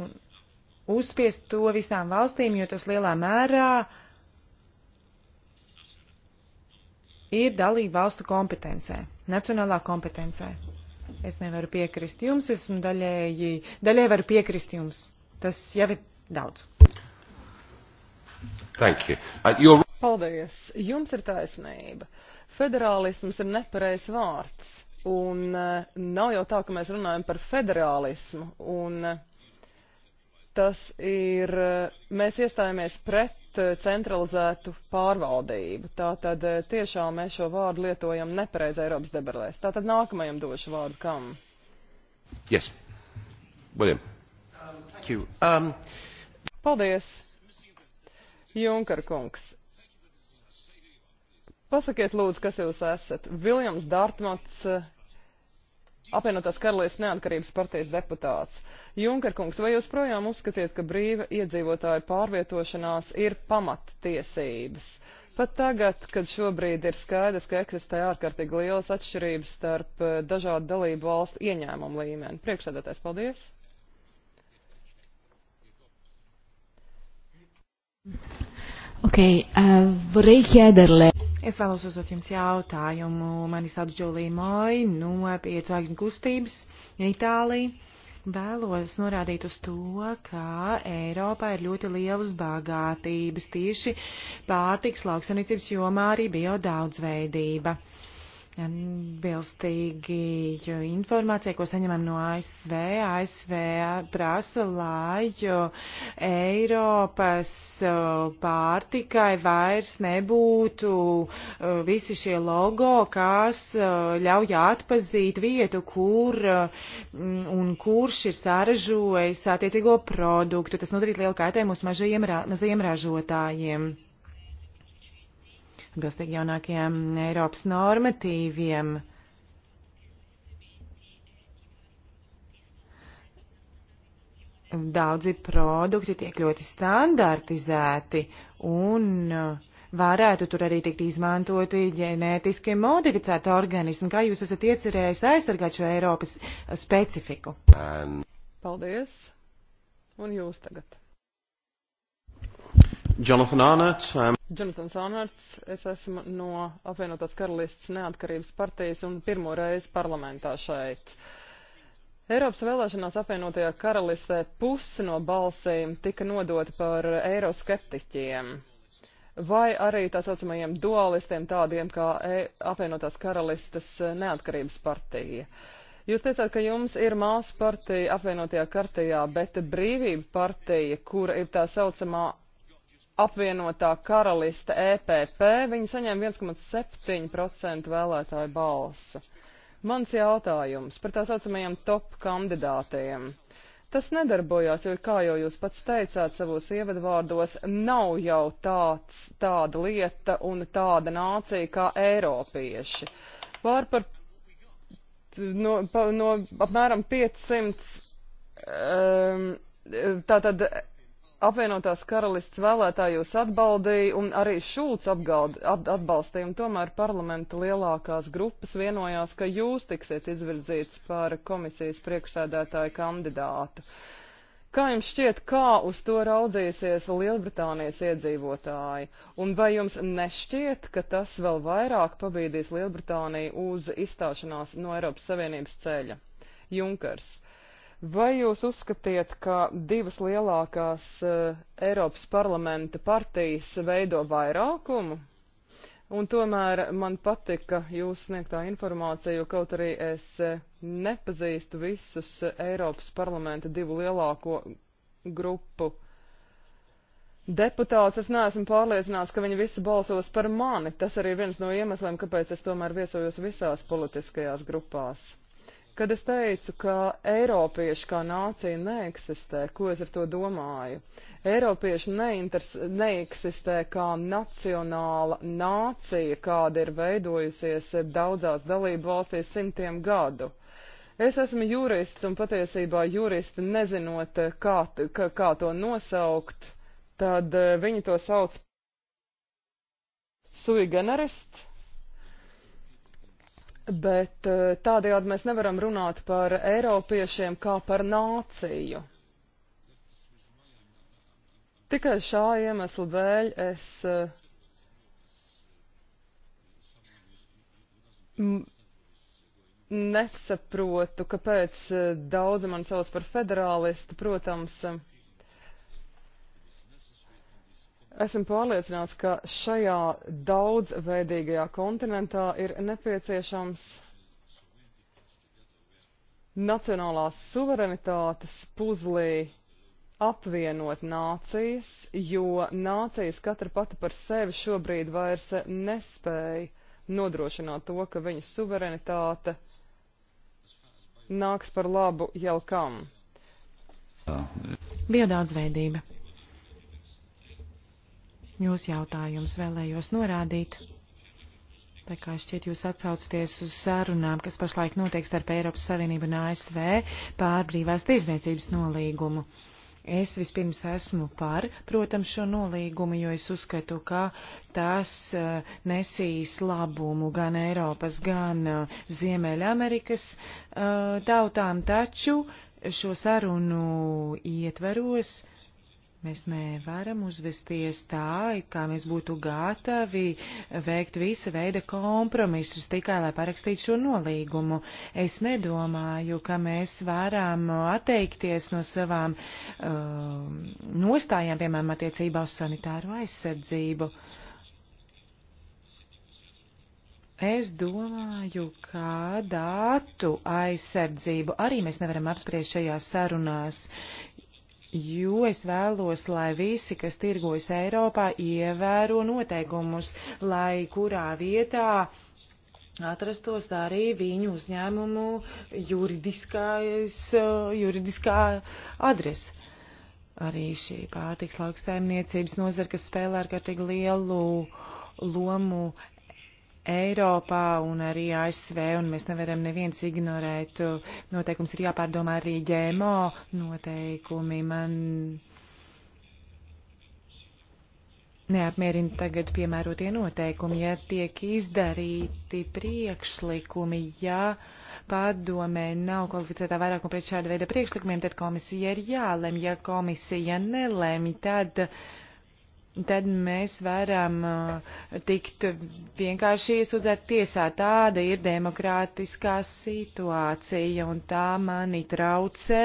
[SPEAKER 2] un uzspiest to visām valstīm, jo tas lielā mērā ir dalība valstu kompetencē, nacionālā kompetencē. Es nevaru piekrist jums, esmu daļēji, daļēji varu piekrist jums. Tas jau ir daudz.
[SPEAKER 1] Thank you. Uh, you're...
[SPEAKER 3] Paldies. Jums ir taisnība. Federālisms ir nepareizs vārds. Un uh, nav jau tā, ka mēs runājam par federālismu. Un, uh, tas ir, uh, mēs iestājāmies pret uh, centralizētu pārvaldību. Tātad uh, tiešām mēs šo vārdu lietojam nepareizi Eiropas debarlēs. Tātad nākamajam došu vārdu kam?
[SPEAKER 1] Yes. William. Um, um...
[SPEAKER 3] Paldies. Junker kungs, pasakiet lūdzu, kas jūs esat. Viljams Dārtmats, eh, apvienotās karalīs neatkarības partijas deputāts. Junker kungs, vai jūs projām uzskatiet, ka brīva iedzīvotāja pārvietošanās ir pamattiesības? Pat tagad, kad šobrīd ir skaidrs, ka eksistē ārkārtīgi lielas atšķirības starp eh, dažādu dalību valstu ieņēmumu līmeni. Priekšsēdētājs, paldies!
[SPEAKER 1] Okay, uh, vorrei chiederle.
[SPEAKER 2] Es vēlos uzdot jums jautājumu. Mani sauc Džolija Moja no Piecvaigžņu kustības Itālija. Vēlos norādīt uz to, ka Eiropā ir ļoti lielas bagātības tieši pārtiks lauksanīcības jomā arī bio daudzveidība. Uh, Atbilstīgi informācija, ko saņemam no ASV, ASV prasa, lai Eiropas pārtikai vairs nebūtu visi šie logo, kas ļauj atpazīt vietu, kur un kurš ir sāražojis attiecīgo produktu. Tas nodarīt lielu kaitējumu mūsu mazajiem ražotājiem atbilstīgi jaunākajiem Eiropas normatīviem. Daudzi produkti tiek ļoti standartizēti un uh, varētu tur arī tikt izmantoti ģenētiski modificēti organismi. Kā jūs esat iecerējis aizsargāt šo Eiropas uh, specifiku?
[SPEAKER 3] Paldies! Un jūs tagad? Jonathan Arnott, um, Jonatans Anārts, es esmu no apvienotās karalists neatkarības partijas un pirmo reizi parlamentā šeit. Eiropas vēlēšanās apvienotajā karalistē pusi no balsīm tika nodota par eiroskeptiķiem vai arī tā saucamajiem dualistiem tādiem kā e apvienotās karalistas neatkarības partija. Jūs teicāt, ka jums ir māsu partija apvienotajā kartijā, bet brīvība partija, kura ir tā saucamā apvienotā karaliste EPP, viņi saņem 1,7% vēlētāju balsu. Mans jautājums par tā saucamajiem top kandidātiem. Tas nedarbojās, jo, kā jau jūs pats teicāt savos ievadvārdos, nav jau tāds, tāda lieta un tāda nācija kā eiropieši. Pār par no, pa, no apmēram 500 um, tātad apvienotās karalists vēlētājos atbaldīja un arī Šulcs apgaldi, at, atbalstīja, un tomēr parlamenta lielākās grupas vienojās, ka jūs tiksiet izvirzīts par komisijas priekšsēdētāju kandidātu. Kā jums šķiet, kā uz to raudzīsies Lielbritānijas iedzīvotāji? Un vai jums nešķiet, ka tas vēl vairāk pabīdīs Lielbritāniju uz izstāšanās no Eiropas Savienības ceļa? Junkers. Vai jūs uzskatiet, ka divas lielākās uh, Eiropas parlamenta partijas veido vairākumu? Un tomēr man patika jūsu sniegtā informācija, jo kaut arī es eh, nepazīstu visus eh, Eiropas parlamenta divu lielāko grupu deputāts, es neesmu pārliecināts, ka viņi visi balsos par mani. Tas arī ir viens no iemesliem, kāpēc es tomēr viesojos visās politiskajās grupās. Kad es teicu, ka eiropieši kā nācija neeksistē, ko es ar to domāju? Eiropieši neinters, neeksistē kā nacionāla nācija, kāda ir veidojusies daudzās dalību valstīs simtiem gadu. Es esmu jurists un patiesībā juristi nezinot, kā, kā, kā to nosaukt, tad eh, viņi to sauc sui generist, bet eh, tādējādi mēs nevaram runāt par eiropiešiem kā par nāciju. Tikai šā iemesla dēļ es eh, nesaprotu, kāpēc eh, daudzi man sauc par federālistu, protams, Esmu pārliecināts, ka šajā daudzveidīgajā kontinentā ir nepieciešams nacionālās suverenitātes puzlī apvienot nācijas, jo nācijas katra pati par sevi šobrīd vairs nespēja nodrošināt to, ka viņu suverenitāte nāks par labu jau kam.
[SPEAKER 2] Biodaudzveidība jūs jautājums vēlējos norādīt. Tā kā šķiet jūs atsaucaties uz sarunām, kas pašlaik notiek starp Eiropas Savienību un ASV pār brīvās tirzniecības nolīgumu. Es vispirms esmu par, protams, šo nolīgumu, jo es uzskatu, ka tas uh, nesīs labumu gan Eiropas, gan uh, Ziemeļamerikas uh, tautām, taču šo sarunu ietveros uh, Mēs nevaram uzvesties tā, kā mēs būtu gatavi veikt visa veida kompromisus tikai, lai parakstītu šo nolīgumu. Es nedomāju, ka mēs varam atteikties no savām uh, nostājām, piemēram, attiecībā uz sanitāro aizsardzību. Es domāju, ka datu aizsardzību arī mēs nevaram apspriest šajās sarunās, jo es vēlos, lai visi, kas tirgojas Eiropā, ievēro noteikumus, lai kurā vietā atrastos arī viņu uzņēmumu eh, juridiskā adrese. Arī šī pārtiks lauksaimniecības nozara, kas spēlē ārkārtīgi lielu lomu Eiropā un arī ASV, un mēs nevaram neviens ignorēt. Noteikums ir jāpārdomā arī ģēmo noteikumi. Man neapmierina tagad piemērotie noteikumi, ja tiek izdarīti priekšlikumi, ja padomē nav kvalificētā vairākuma pret šāda veida priekšlikumiem, tad komisija ir jālem, ja komisija nelemj, tad. Uh, tad mēs varam uh, tikt vienkārši iesūdzēt tiesā. Tāda ir demokrātiskā situācija, un tā mani traucē.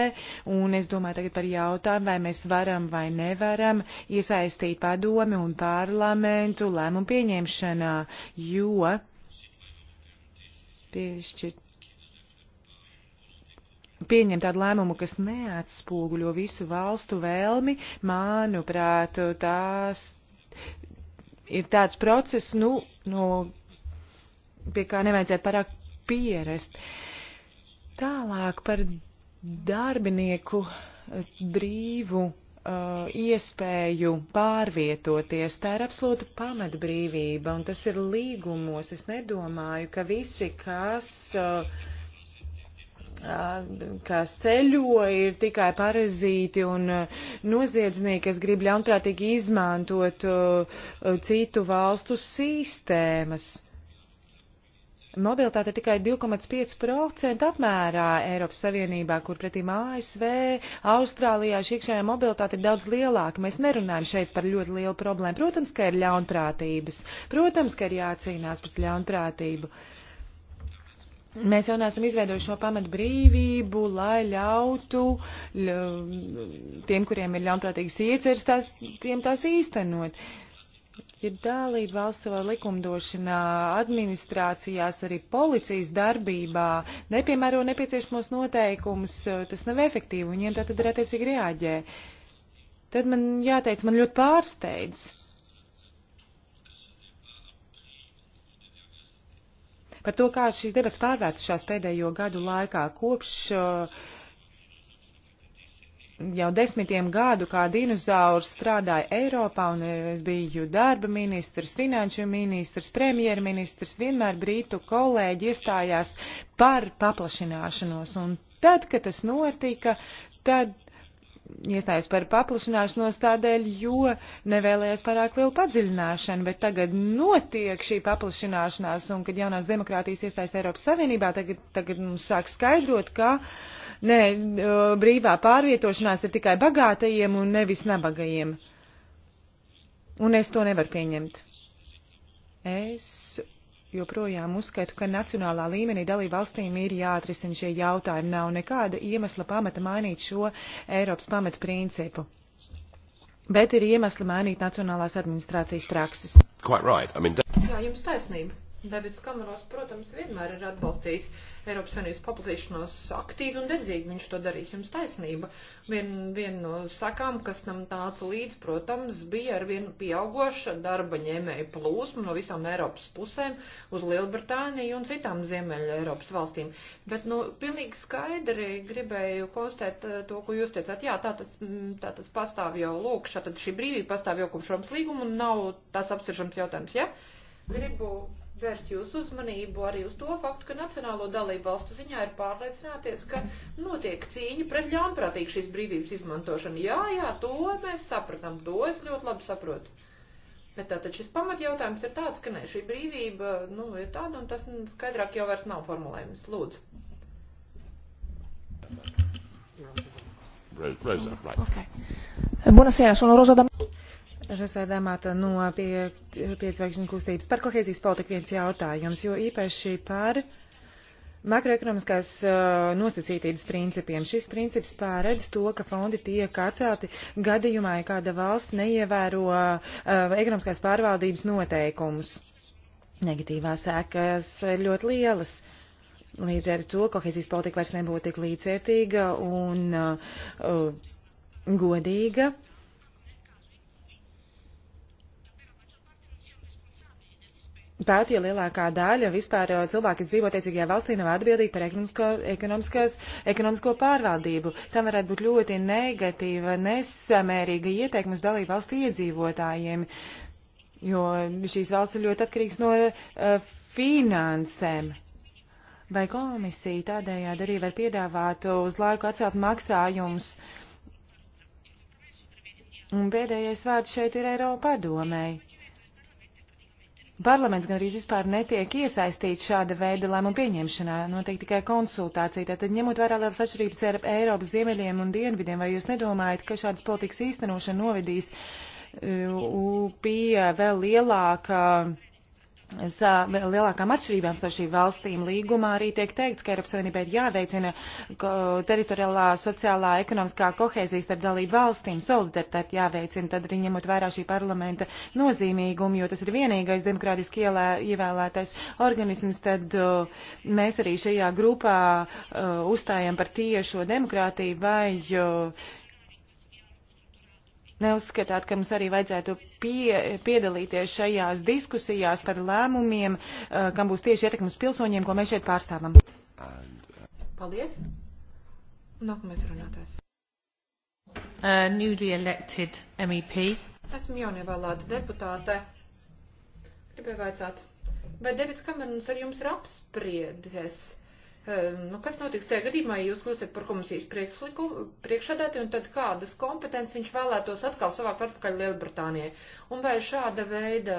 [SPEAKER 2] Un es domāju tagad par jautājumu, vai mēs varam vai nevaram iesaistīt padomi un parlamentu lēmumu pieņemšanā, jo piešķirt pieņem tādu lēmumu, kas neatspoguļo visu valstu vēlmi, manuprāt, tās ir tāds process, nu, no, pie kā nevajadzētu pārāk pierast. Tālāk par darbinieku brīvu uh, iespēju pārvietoties. Tā ir absolūta pamatbrīvība, un tas ir līgumos. Es nedomāju, ka visi, kas uh, kas ceļo, ir tikai parazīti un noziedznieki, kas grib ļaunprātīgi izmantot citu valstu sistēmas. Mobiltāte tikai 2,5% apmērā Eiropas Savienībā, kur pretīm ASV, Austrālijā šī iekšējā mobiltāte ir daudz lielāka. Mēs nerunājam šeit par ļoti lielu problēmu. Protams, ka ir ļaunprātības. Protams, ka ir jācīnās pret ļaunprātību. Uh, Mēs jau neesam izveidojuši šo pamatu brīvību, lai ļautu ļau, tiem, kuriem ir ļaunprātīgas ieceres, tās, tiem tās īstenot. Ja dalība valsts savā likumdošanā, administrācijās, arī policijas darbībā nepiemēro nepieciešamos noteikumus, tas nav efektīvi, viņiem tā tad ir attiecīgi reaģē. Tad man jāteic, man ļoti pārsteidz par to, kā šīs debats pārvērtušās pēdējo gadu laikā kopš uh, jau desmitiem gadu, kā dinozaurs strādāja Eiropā, un uh, es biju darba ministrs, finanšu ministrs, premjerministrs, vienmēr brītu kolēģi iestājās par paplašināšanos, un tad, kad tas notika, tad iestājos par paplašināšanos tādēļ, jo nevēlējos pārāk lielu padziļināšanu, bet tagad notiek šī paplašināšanās, un kad jaunās demokrātijas iestājas Eiropas Savienībā, tagad, tagad mums sāk skaidrot, ka nē, brīvā pārvietošanās ir tikai bagātajiem un nevis nabagajiem. Un es to nevaru pieņemt. Es joprojām uzskatu, ka nacionālā līmenī dalību valstīm ir jāatrisina šie jautājumi. Nav nekāda iemesla pamata mainīt šo Eiropas pamata principu. Bet ir iemesli mainīt nacionālās administrācijas prakses.
[SPEAKER 1] Quite right. I mean, that... Jā, jums taisnība. Davids Kameros, protams, vienmēr ir atbalstījis Eiropas Savienības paplatīšanos aktīvi un dedzīgi. Viņš to darīs jums taisnība. Viena vien no sakām, kas tam nāca līdz, protams, bija ar vienu pieaugoša darba ņēmēju plūsmu no visām Eiropas pusēm uz Lielbritāniju un citām Ziemeļa Eiropas valstīm. Bet, nu, pilnīgi skaidri gribēju konstatēt eh, to, ko jūs teicāt. Jā, tā tas, mm, tā tas pastāv jau lūk, šā tad šī brīvība pastāv jau kopš Romas līguma un nav tas apspriežams jautājums, ja? Gribu vērst jūsu uzmanību arī uz to faktu, ka Nacionālo dalību valstu ziņā ir pārliecināties, ka notiek cīņa pret ļaunprātīgu šīs brīvības izmantošanu. Jā, jā, to mēs sapratam, to es ļoti labi saprotu. Bet tātad šis pamatjautājums ir tāds, ka ne, šī brīvība, nu, ir tāda, un tas skaidrāk jau vairs nav formulējums. Lūdzu.
[SPEAKER 2] Rosa, right. okay. Buonasera, sono Rosa D'Amato. Rezēdāmāta no pie, piecvaigžņu kustības par kohēzijas politiku viens jautājums, jo īpaši par makroekonomiskās uh, nosacītības principiem. Šis princips pārredz to, ka fondi tiek atcelti gadījumā, ja kāda valsts neievēro uh, ekonomiskās pārvaldības noteikumus. Negatīvās sēkas ir ļoti lielas. Līdz ar to kohēzijas politika vairs nebūtu tik līdzvērtīga un uh, uh godīga. Uh, Pat, ja lielākā daļa vispār eh, cilvēki dzīvo tiecīgajā valstī nav atbildīgi par ekonomisko, ekonomisko pārvaldību, tam varētu būt ļoti negatīva, nesamērīga ieteikuma uz dalību valstu iedzīvotājiem, jo šīs valsts ir ļoti atkarīgs no uh, finansēm. Vai komisija tādējādi arī var piedāvāt uz laiku atcelt maksājumus? Un pēdējais vārds šeit ir Eiropa padomēji Parlaments gan arī vispār netiek iesaistīts šāda veida lēmumu pieņemšanā, notiek tikai konsultācija. Tātad, ņemot vērā lielas atšķirības ar Eiropas ziemeļiem un dienvidiem, vai jūs nedomājat, ka šādas politikas īstenošana novedīs uh, pie vēl lielāka uh, lielākām atšķirībām starp šīm valstīm. Līgumā arī tiek teikts, ka Eiropas Savienībai ir jāveicina teritoriālā, sociālā, ekonomiskā kohēzija starp dalību valstīm, solidaritāte jāveicina, tad arī ņemot vērā šī parlamenta nozīmīgumu, jo tas ir vienīgais demokrātiski ielē, ievēlētais organisms, tad uh, mēs arī šajā grupā uh, uzstājam par tiešo demokrātiju vai uh, Neuzskatāt, ka mums arī vajadzētu pie, piedalīties šajās diskusijās par lēmumiem, eh, kam būs tieši ietekmes pilsoņiem, ko mēs šeit pārstāvam.
[SPEAKER 1] Paldies. Nākamais runātājs.
[SPEAKER 2] Uh, newly elected MEP.
[SPEAKER 1] Esmu jaunievēlēta deputāte. Gribēju vaicāt, vai Devits Kamerons ar jums ir apspriedies? Ehm, nu, kas notiks tajā gadījumā, ja jūs kļūsiet par komisijas priekšsēdētāju, un tad kādas kompetences viņš vēlētos atkal savākt atpakaļ Lielbritānijai? Un vai šāda veida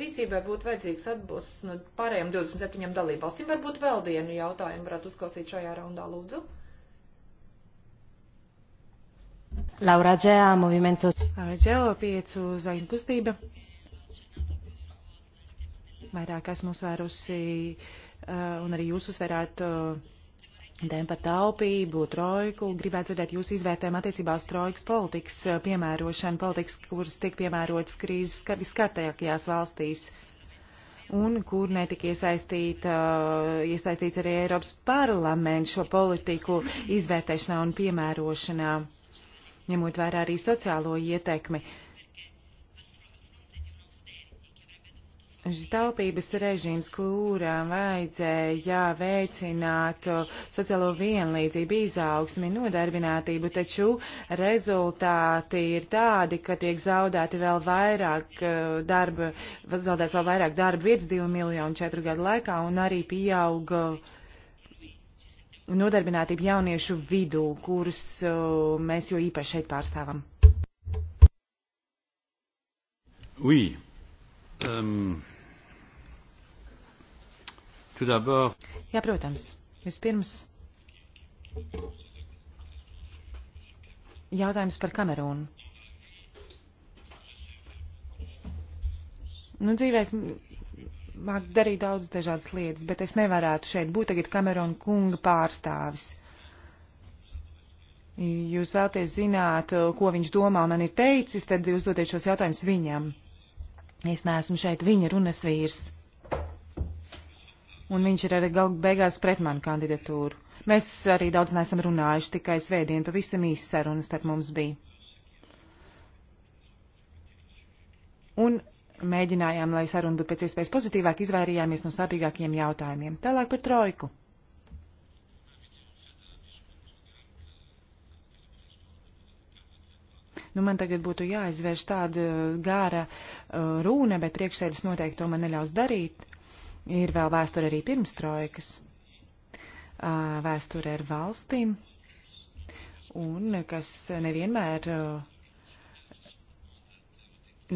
[SPEAKER 1] rīcībai būtu vajadzīgs atbūsts no nu, pārējām 27 dalībvalstīm? Varbūt vēl vienu jautājumu varētu uzklausīt šajā raundā, lūdzu.
[SPEAKER 2] Laura Gea, Movimento. Laura Gea, piecu zaļu kustība. Vairāk esmu uzsvērusi. Uh, Eh, un arī jūs uzsverāt eh, tēmu par taupību, trojku. Gribētu dzirdēt jūsu izvērtējumu attiecībā uz trojkas politikas eh, piemērošanu, politikas, kuras tiek piemērotas krīzes viskartajākajās valstīs un kur netika iesaistīta, iesaistīts arī Eiropas parlaments šo politiku izvērtēšanā un piemērošanā, ņemot vērā arī sociālo ietekmi. Uh, Šis taupības režīms, kurām vajadzēja veicināt sociālo vienlīdzību, izaugsmi, nodarbinātību, taču rezultāti ir tādi, ka tiek zaudēti vēl vairāk eh, darba, zaudēts vēl vairāk darba vietas divu miljonu četru gadu laikā un arī pieauga eh, nodarbinātība jauniešu vidū, kurus eh, mēs jo īpaši šeit pārstāvam. Oui. Um... Jā, protams. Vispirms jautājums par Kamerūnu. Nu, dzīvēs māk darīt daudz dažādas lietas, bet es nevarētu šeit būt tagad Kamerona kunga pārstāvis. Jūs vēlties zināt, ko viņš domā man ir teicis, tad jūs dotiet šos jautājumus viņam. Es neesmu šeit viņa runas vīrs un viņš ir arī gal beigās pret manu kandidatūru. Mēs arī daudz neesam runājuši, tikai svētdien pavisam īsts sarunas starp mums bija. Un mēģinājām, lai saruna būtu pēc iespējas pozitīvāk, izvairījāmies no sāpīgākiem jautājumiem. Tālāk par trojku. Nu, man tagad būtu jāizvērš tāda uh, gāra uh, rūna, bet priekšsēdis noteikti to man neļaus darīt. Ir vēl vēsture arī pirms trojkas, vēsture ar valstīm, un kas nevienmēr,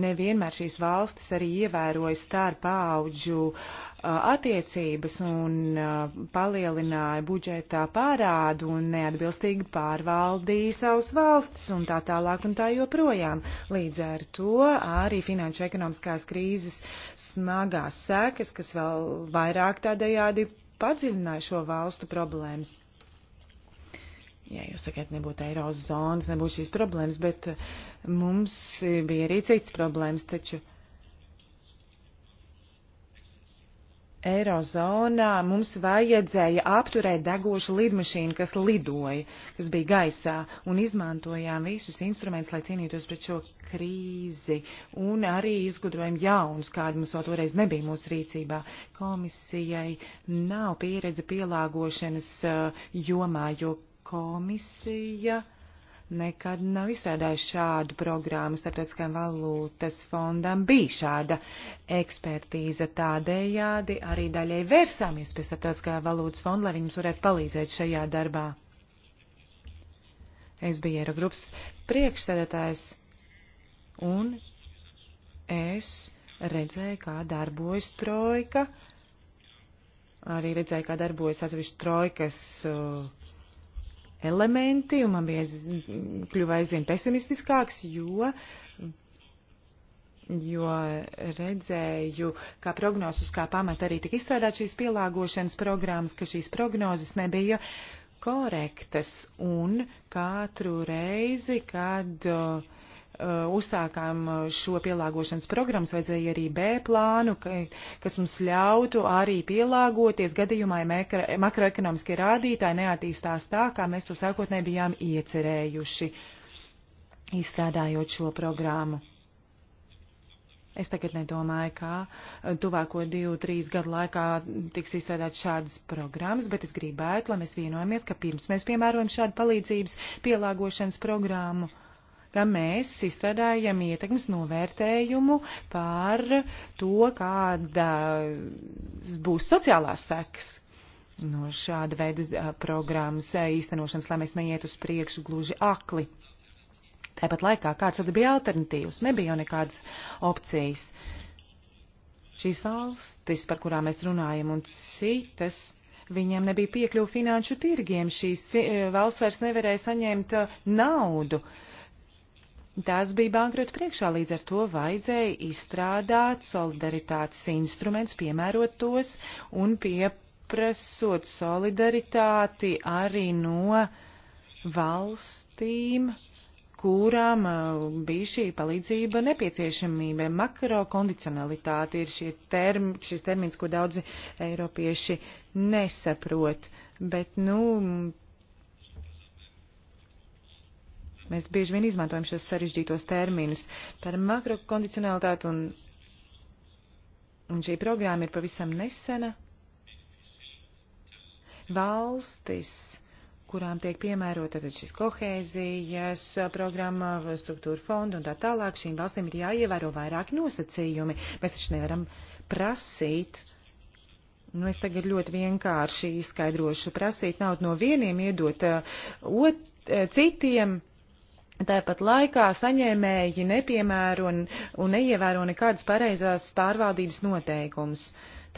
[SPEAKER 2] nevienmēr šīs valstis arī ievēroja starp paudžu uh, attiecības un palielināja budžetā pārādu un neatbilstīgi pārvaldīja savas valstis un tā tālāk un tā joprojām. Līdz ar to arī finanšu ekonomiskās krīzes smagās sekas, kas vēl vairāk tādējādi padziļināja šo valstu problēmas. Jā, jūs sakat, nebūtu eirozonas, nebūtu šīs problēmas, bet mums bija arī citas problēmas, taču. Uh, Eirozonā mums vajadzēja apturēt degošu lidmašīnu, kas lidoja, kas bija gaisā, un izmantojām visus instrumentus, lai cīnītos pret šo krīzi, un arī izgudrojām jaunus, kādi mums vēl toreiz nebija mūsu rīcībā. Komisijai nav pieredze pielāgošanas uh, jomā, jo komisija. Uh, nekad nav izstrādājis šādu programmu. Startautiskajam valūtas fondam bija šāda ekspertīze tādējādi arī daļai vērsāmies pie Startautiskajā valūtas fonda, lai viņus varētu palīdzēt šajā darbā. Es biju Eirogrupas priekšsēdētājs un es redzēju, kā darbojas trojka. Arī redzēju, kā darbojas atsevišķi trojkas uh, elementi, un man bija kļuva aizvien pesimistiskāks, jo jo redzēju, kā prognozes, kā pamata arī tika izstrādāt šīs pielāgošanas programmas, ka šīs prognozes nebija korektas un katru reizi, kad uh, Uh, uzsākām uh, šo pielāgošanas programmas, vajadzēja arī B plānu, ka, kas mums ļautu arī pielāgoties gadījumā, ja makroekonomiskie rādītāji neattīstās tā, kā mēs to sākotnēji bijām iecerējuši, izstrādājot šo programmu. Es tagad nedomāju, kā uh, tuvāko divu, trīs gadu laikā tiks izstrādāt šādas programmas, bet es gribētu, lai mēs vienojamies, ka pirms mēs piemērojam šādu palīdzības pielāgošanas programmu, ka mēs izstrādājam ietekmes novērtējumu par to, kādas būs sociālās sekas no šāda veida programmas īstenošanas, lai mēs neiet uz priekšu gluži akli. Tāpat laikā kāds tad bija alternatīvas, nebija jau nekādas opcijas. Šīs valstis, par kurām mēs runājam, un citas viņiem nebija piekļuva finanšu tirgiem, šīs e, valsts vairs nevarēja saņemt naudu. Uh, tās bija bankrota priekšā, līdz ar to vajadzēja izstrādāt solidaritātes instruments, piemērot tos un pieprasot solidaritāti arī no valstīm, kurām uh, bija šī palīdzība nepieciešamība. Makrokondicionalitāte ir term, šis termins, ko daudzi eiropieši nesaprot, bet, nu, Mēs bieži vien izmantojam šos sarežģītos terminus par makrokondicionalitāti, un, un šī programma ir pavisam nesena. Valstis, kurām tiek piemērota šis kohēzijas programma, struktūra fonda un tā tālāk, šīm valstīm ir jāievēro vairāki nosacījumi. Mēs taču nevaram prasīt Nu, es tagad ļoti vienkārši izskaidrošu, prasīt naudu no vieniem, iedot uh, ot, uh, citiem. Tāpat laikā saņēmēji nepiemēro un, un neievēro nekādas pareizās pārvaldības noteikumus.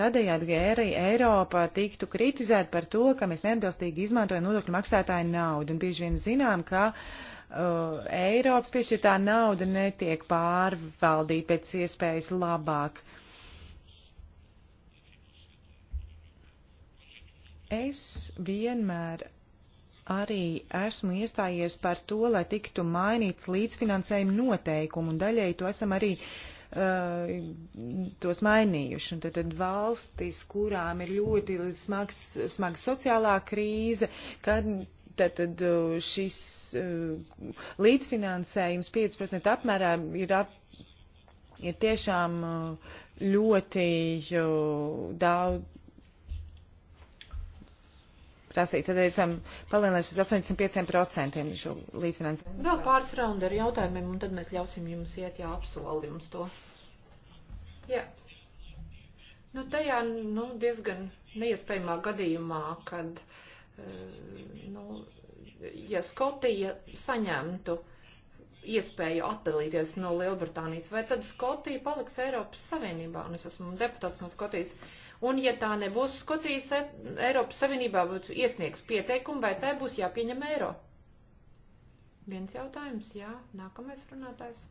[SPEAKER 2] Tādējādi arī Eiropa tiktu kritizēta par to, ka mēs neatbilstīgi izmantojam nodokļu maksātāju naudu. Un bieži vien zinām, ka uh, Eiropas piešķirtā nauda netiek pārvaldīta pēc iespējas labāk. Es vienmēr arī esmu iestājies par to, lai tiktu mainīts līdzfinansējuma noteikumu, un daļēji to esam arī uh, tos mainījuši. Un tad, tad valstis, kurām ir ļoti smags, smags sociālā krīze, kad tad, tad uh, šis uh, līdzfinansējums 5% apmērā ir, ap, ir tiešām uh, ļoti uh, daudz prasīts. Tad esam palielinājuši uz 85% šo līdzfinansējumu.
[SPEAKER 1] Vēl pāris raunda ar jautājumiem, un tad mēs ļausim jums iet, jā, apsoli jums to. Jā. Nu, tajā, nu, diezgan neiespējamā gadījumā, kad, eh, nu, ja Skotija saņemtu iespēju atdalīties no Lielbritānijas, vai tad Skotija paliks Eiropas Savienībā, un es esmu deputāts no Skotijas, un ja tā nebūs Skotijas e, Eiropas Savienībā būtu iesniegs pieteikumu, vai tai būs jāpieņem eiro? Viens jautājums, jā, nākamais runātājs.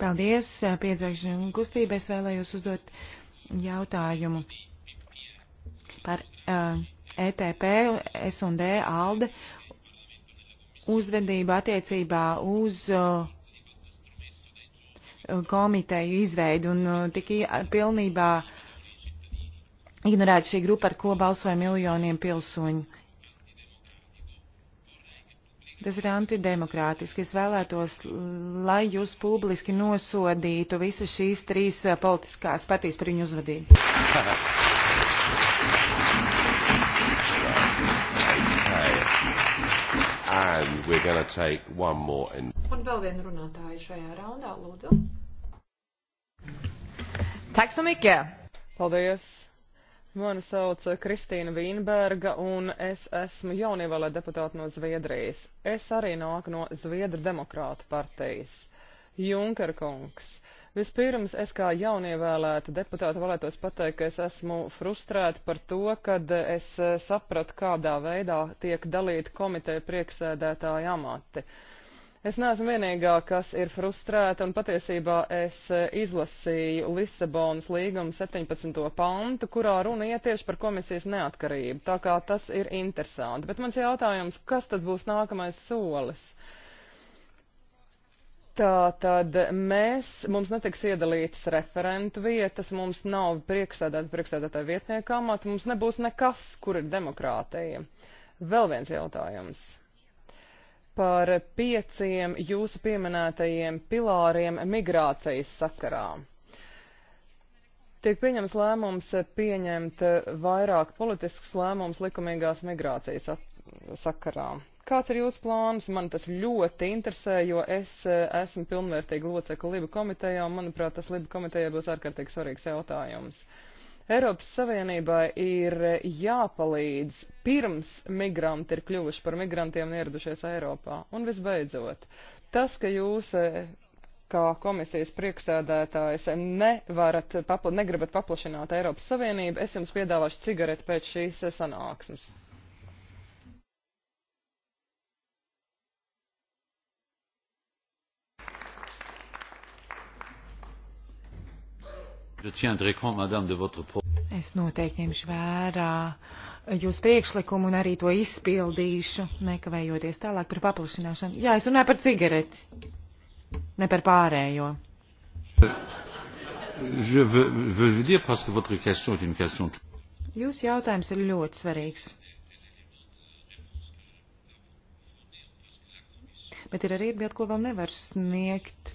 [SPEAKER 2] Paldies, piedzēkšana kustība. Es vēlējos uzdot jautājumu par uh, e, ETP, S&D, ALDE uzvedību attiecībā uz uh, komiteju izveidu un uh, tika pilnībā ignorēta šī grupa, ar ko balsoja miljoniem pilsoņu. Tas ir antidemokrātiski. Es vēlētos, lai jūs publiski nosodītu visas šīs trīs uh, politiskās partijas par viņu uzvedību. and we're going to take one more. In.
[SPEAKER 1] Un vēl vienu runātāju šajā
[SPEAKER 3] raundā, lūdzu. Tack så mycket! Paldies! Mani sauc Kristīna Vīnberga, un es esmu jaunievēlē deputāta no Zviedrijas. Es arī nāku no Zviedru demokrāta partijas. Junker kungs, Vispirms es kā jaunievēlēta deputāta vēlētos pateikt, ka es esmu frustrēta par to, kad es eh, sapratu, kādā veidā tiek dalīta komiteja prieksēdētāja amati. Es neesmu vienīgā, kas ir frustrēta, un patiesībā es eh, izlasīju Lisabonas līguma 17. pantu, kurā runa iet tieši par komisijas neatkarību. Tā kā tas ir interesanti. Bet mans jautājums, kas tad būs nākamais solis? Uh, Tā tad mēs, mums netiks iedalītas referentu vietas, mums nav priekšsēdētāja, priekšsēdētāja vietnieka amata, mums nebūs nekas, kur ir demokrātija. Vēl viens jautājums. Par pieciem jūsu pieminētajiem pilāriem migrācijas sakarā. Tiek pieņems lēmums pieņemt vairāk politiskus lēmumus likumīgās migrācijas at sakarā. Kāds ir jūsu plāns? Man tas ļoti interesē, jo es eh, esmu pilnvērtīgi locekli Liba komitejā, un manuprāt, tas Liba komitejā būs ārkārtīgi svarīgs jautājums. Eiropas Savienībai ir eh, jāpalīdz pirms migranti ir kļuvuši par migrantiem un ieradušies Eiropā. Un visbeidzot, tas, ka jūs eh, kā komisijas priekšsēdētājs nevarat, papla, negribat paplašināt Eiropas Savienību, es jums piedāvāšu cigareti pēc šīs sanāksmes.
[SPEAKER 2] Es noteikti ņemšu vērā jūs priekšlikumu un arī to izpildīšu, nekavējoties tālāk par paplašināšanu. Jā, es runāju par cigareti, ne par pārējo. Jūsu jautājums ir ļoti svarīgs. Bet ir arī atbild, ko vēl nevar sniegt,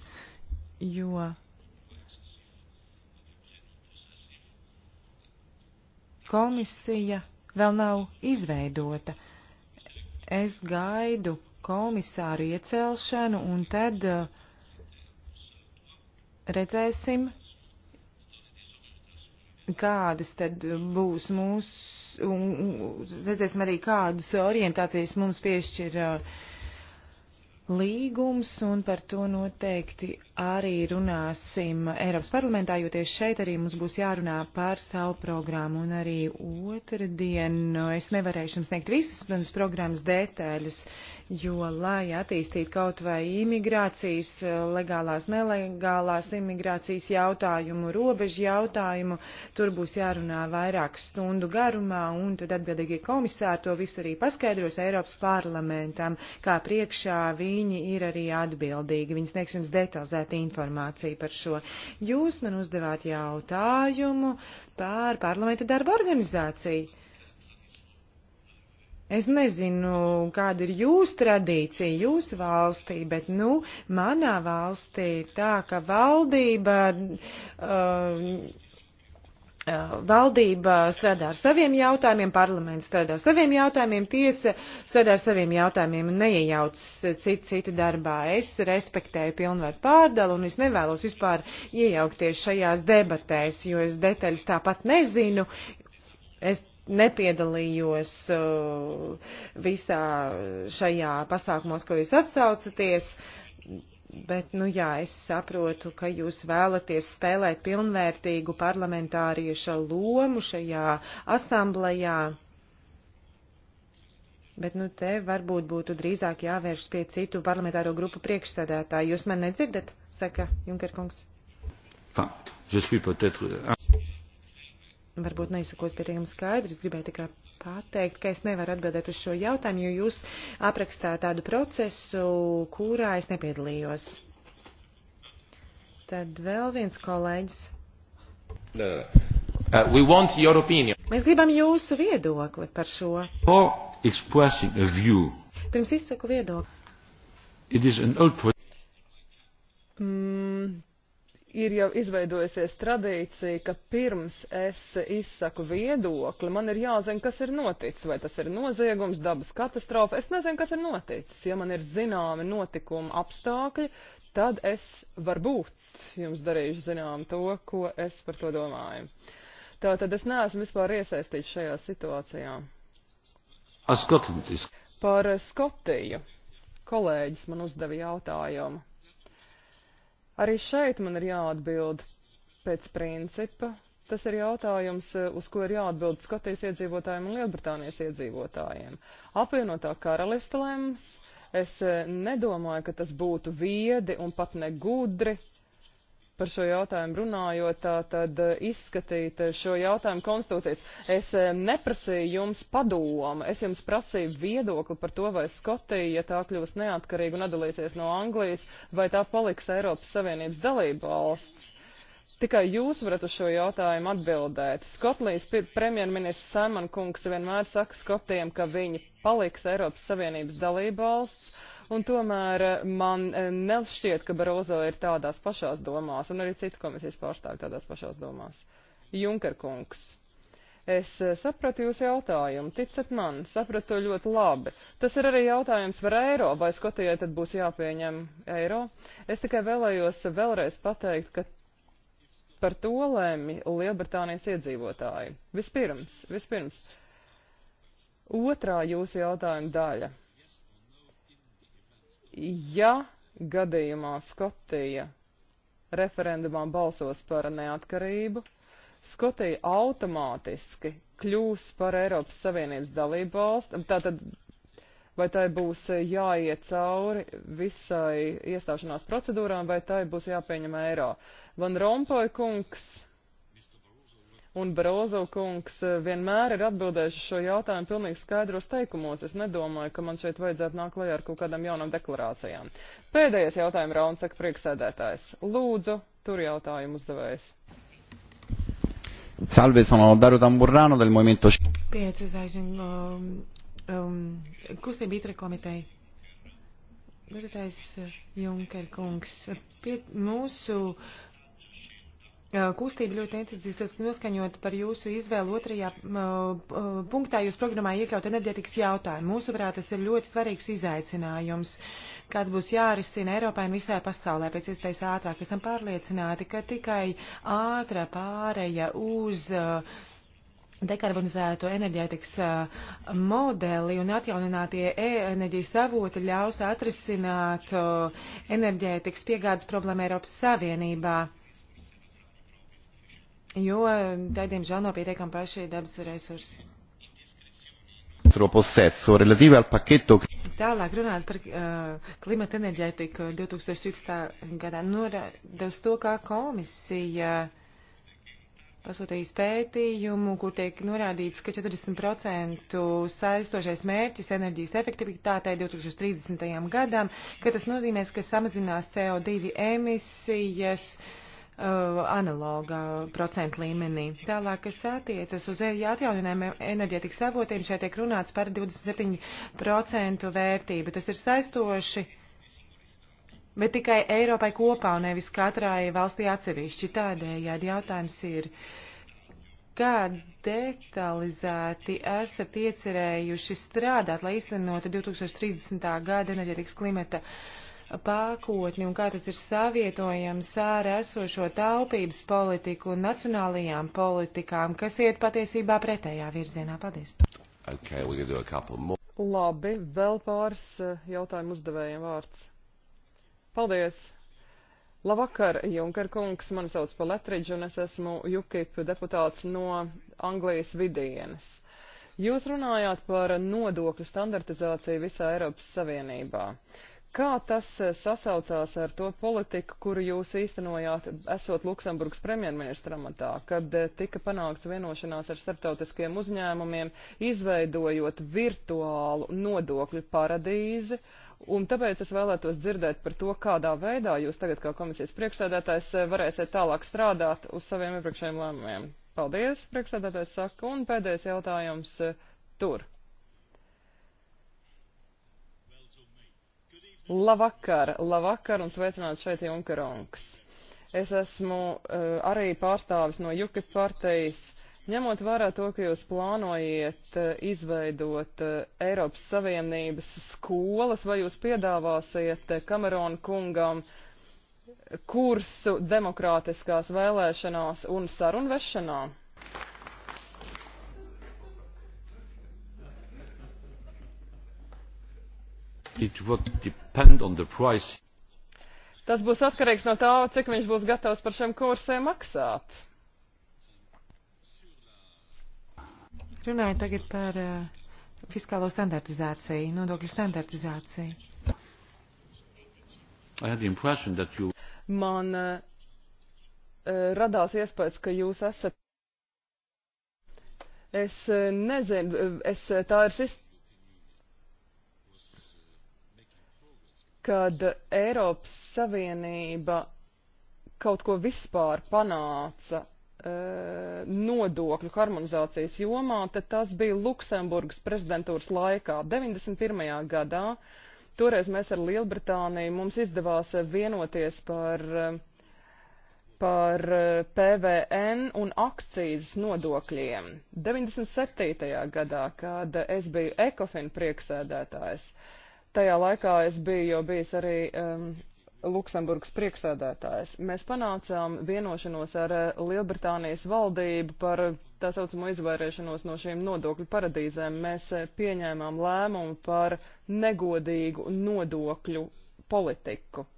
[SPEAKER 2] jo komisija vēl nav izveidota. Es gaidu komisāru iecelšanu un tad eh, redzēsim, kādas tad būs mūsu, un redzēsim arī, kādas orientācijas mums piešķir eh, līgums, un par to noteikti arī runāsim Eiropas parlamentā, jo tieši šeit arī mums būs jārunā par savu programmu. Un arī otrdien nu, es nevarēšu jums sniegt visas, protams, programmas detaļas, jo, lai attīstītu kaut vai imigrācijas, legālās, nelegālās imigrācijas jautājumu, robežu jautājumu, tur būs jārunā vairāk stundu garumā, un tad atbildīgie komisāri to visu arī paskaidros Eiropas parlamentam, kā priekšā viņi ir arī atbildīgi. Viņi sniegs jums detalizēt meklēt informāciju par šo. Jūs man uzdevāt jautājumu par parlamenta darba organizāciju. Es nezinu, kāda ir jūsu tradīcija, jūsu valstī, bet, nu, manā valstī tā, ka valdība. Uh, Eh, valdība strādā ar saviem jautājumiem, parlaments strādā ar saviem jautājumiem, tiesa strādā ar saviem jautājumiem un neiejauc citu, citu darbā. Es respektēju pilnvaru pārdalu un es nevēlos vispār iejaukties šajās debatēs, jo es detaļas tāpat nezinu. Es nepiedalījos uh, visā šajā pasākumos, ko jūs atsaucaties. Uh, Bet, nu jā, es saprotu, ka jūs vēlaties spēlēt pilnvērtīgu parlamentārieša lomu šajā asamblējā. Bet, nu, te varbūt būtu drīzāk jāvērš pie citu parlamentāro grupu priekšsēdētāju. Jūs man nedzirdat, saka Junkerkungs.
[SPEAKER 1] Tā, je suis peut-être.
[SPEAKER 2] Varbūt neizsakos pietiekami skaidrs, gribēju tikai pateikt, ka es nevaru atbildēt uz šo jautājumu, jo jūs aprakstāt tādu procesu, kurā es nepiedalījos. Tad vēl viens kolēģis. Uh, Mēs gribam jūsu viedokli par šo.
[SPEAKER 3] Pirms izsaku viedokli. Old... Mm, ir jau izveidojusies tradīcija, ka pirms es izsaku viedokli, man ir jāzina, kas ir noticis, vai tas ir noziegums, dabas katastrofa. Es nezinu, kas ir noticis. Ja man ir zināmi notikuma apstākļi, tad es varbūt jums darīšu zinām to, ko es par to domāju. Tātad es neesmu vispār iesaistīts šajā situācijā. Par Skotiju. Kolēģis man uzdeva jautājumu. Arī šeit man ir jāatbild pēc principa. Tas ir jautājums, eh, uz ko ir jāatbild Skotijas iedzīvotājiem un Lielbritānijas iedzīvotājiem. Apvienotā karaliste lems. Es eh, nedomāju, ka tas būtu viedi un pat negudri par šo jautājumu runājot, tā tad eh, izskatīt eh, šo jautājumu konstitūcijas. Es eh, neprasīju jums padomu, es jums prasīju viedokli par to, vai Skotija, ja tā kļūs neatkarīga un atdalīsies no Anglijas, vai tā paliks Eiropas Savienības dalība valsts. Tikai jūs varat uz šo jautājumu atbildēt. Skotlijas premjerministrs Simon Kungs vienmēr saka Skotijiem, ka viņi paliks Eiropas Savienības dalība valsts un tomēr eh, man eh, nešķiet, ka Barozo ir tādās pašās domās, un arī citu komisijas pārstāvi tādās pašās domās. Junker kungs. Es eh, sapratu jūsu jautājumu, ticat man, sapratu to ļoti labi. Tas ir arī jautājums par eiro, vai Skotijai tad būs jāpieņem eiro. Es tikai vēlējos vēlreiz pateikt, ka par to lēmi Lielbritānijas iedzīvotāji. Vispirms, vispirms, otrā jūsu jautājuma daļa ja gadījumā Skotija referendumā balsos par neatkarību, Skotija automātiski kļūs par Eiropas Savienības dalību valsti, tātad vai tai būs jāiet cauri visai iestāšanās procedūrām, vai tai būs jāpieņem eiro. Van Rompuy kungs Un Barozo kungs eh, vienmēr ir atbildējuši šo jautājumu pilnīgi skaidros teikumos. Es nedomāju, ka man šeit vajadzētu nākt klajā ar kaut kādām jaunām deklarācijām. Pēdējais jautājums rauns saka prieksēdētājs. Lūdzu, tur jautājumu uzdevējs. Salve, sono Dario Tamburrano del Movimento 5. Um, um, kustība
[SPEAKER 2] itra komiteja. Gudrētais eh, Junker kungs. Pie, mūsu uh, kustība ļoti intensīvas noskaņot par jūsu izvēlu otrajā punktā. Jūs programmā iekļaut enerģetikas jautājumu. Mūsuprāt, tas ir ļoti svarīgs izaicinājums, kāds būs jārisina Eiropā un visā pasaulē pēc iespējas ātrāk. Esam pārliecināti, ka tikai ātra pāreja uz dekarbonizēto enerģētikas modeli un atjauninātie enerģijas avoti ļaus atrisināt enerģētikas piegādes problēmu Eiropas Savienībā jo tai, diemžēl, nav pietiekami paši dabas resursi. Tālāk runājot par uh, klimata enerģētiku 2016. gadā, norādās to, kā komisija pasūtījis pētījumu, kur tiek norādīts, ka 40% saistošais mērķis enerģijas efektivitātei 2030. gadam, ka tas nozīmēs, ka samazinās CO2 emisijas. Uh, Uh, analogā procentu līmenī. Tālāk, kas attiecas uz e- atjauninājumiem enerģētikas avotiem, šeit tiek runāts par 27% vērtību. Tas ir saistoši, bet tikai Eiropai kopā un nevis katrai valstī atsevišķi. Tādējādi jautājums ir, kā detalizēti esat iecerējuši strādāt, lai īstenotu 2030. gada enerģētikas klimata uh, pakotni un kā tas ir savietojams ar esošo taupības politiku un nacionālajām politikām, kas
[SPEAKER 3] iet patiesībā pretējā virzienā. Paldies! Okay, Labi, vēl pāris eh, jautājumu uzdevējiem vārds. Paldies! Labvakar, Junker kungs, mani sauc Paletridž un es esmu UKIP deputāts no Anglijas vidienes. Jūs runājāt par nodokļu standartizāciju visā Eiropas Savienībā. Uh, Kā tas eh, sasaucās ar to politiku, kuru jūs īstenojāt, esot Luksemburgas premjerministra amatā, kad eh, tika panākts vienošanās ar starptautiskiem uzņēmumiem, izveidojot virtuālu nodokļu paradīzi? Un tāpēc es vēlētos dzirdēt par to, kādā veidā jūs tagad, kā komisijas priekšsēdētājs, eh, varēsiet tālāk strādāt uz saviem iepriekšējiem lēmumiem. Paldies, priekšsēdētājs saka, un pēdējais jautājums tur. Labvakar, labvakar un sveicināt šeit Junkeronks. Es esmu uh, arī pārstāvis no UKIP partijas. Ņemot vērā to, ka jūs plānojat uh, izveidot uh, Eiropas Savienības skolas, vai jūs piedāvāsiet uh, Kamerona kungam kursu demokrātiskās vēlēšanās un sarunvešanā? Tas būs atkarīgs no tā, cik viņš būs gatavs par šiem kursiem maksāt.
[SPEAKER 2] Runāju tagad par uh, fiskālo standartizāciju, nodokļu
[SPEAKER 3] standartizāciju.
[SPEAKER 1] You...
[SPEAKER 3] Man uh, radās iespējas, ka jūs esat. Es uh, nezinu, es, tā ir sistēma kad Eiropas Savienība kaut ko vispār panāca e, nodokļu harmonizācijas jomā, tad tas bija Luksemburgas prezidentūras laikā, 91. gadā. Toreiz mēs ar Lielbritāniju mums izdevās vienoties par, par PVN un akcijas nodokļiem. 97. gadā, kad es biju Ekofin prieksēdētājs, uh, tajā laikā es biju jau bijis arī um, Luksemburgas priekšsēdētājs. Mēs panācām vienošanos ar eh, Lielbritānijas valdību par tā saucamo izvairīšanos no šīm nodokļu paradīzēm. Mēs eh, pieņēmām lēmumu par negodīgu nodokļu politiku.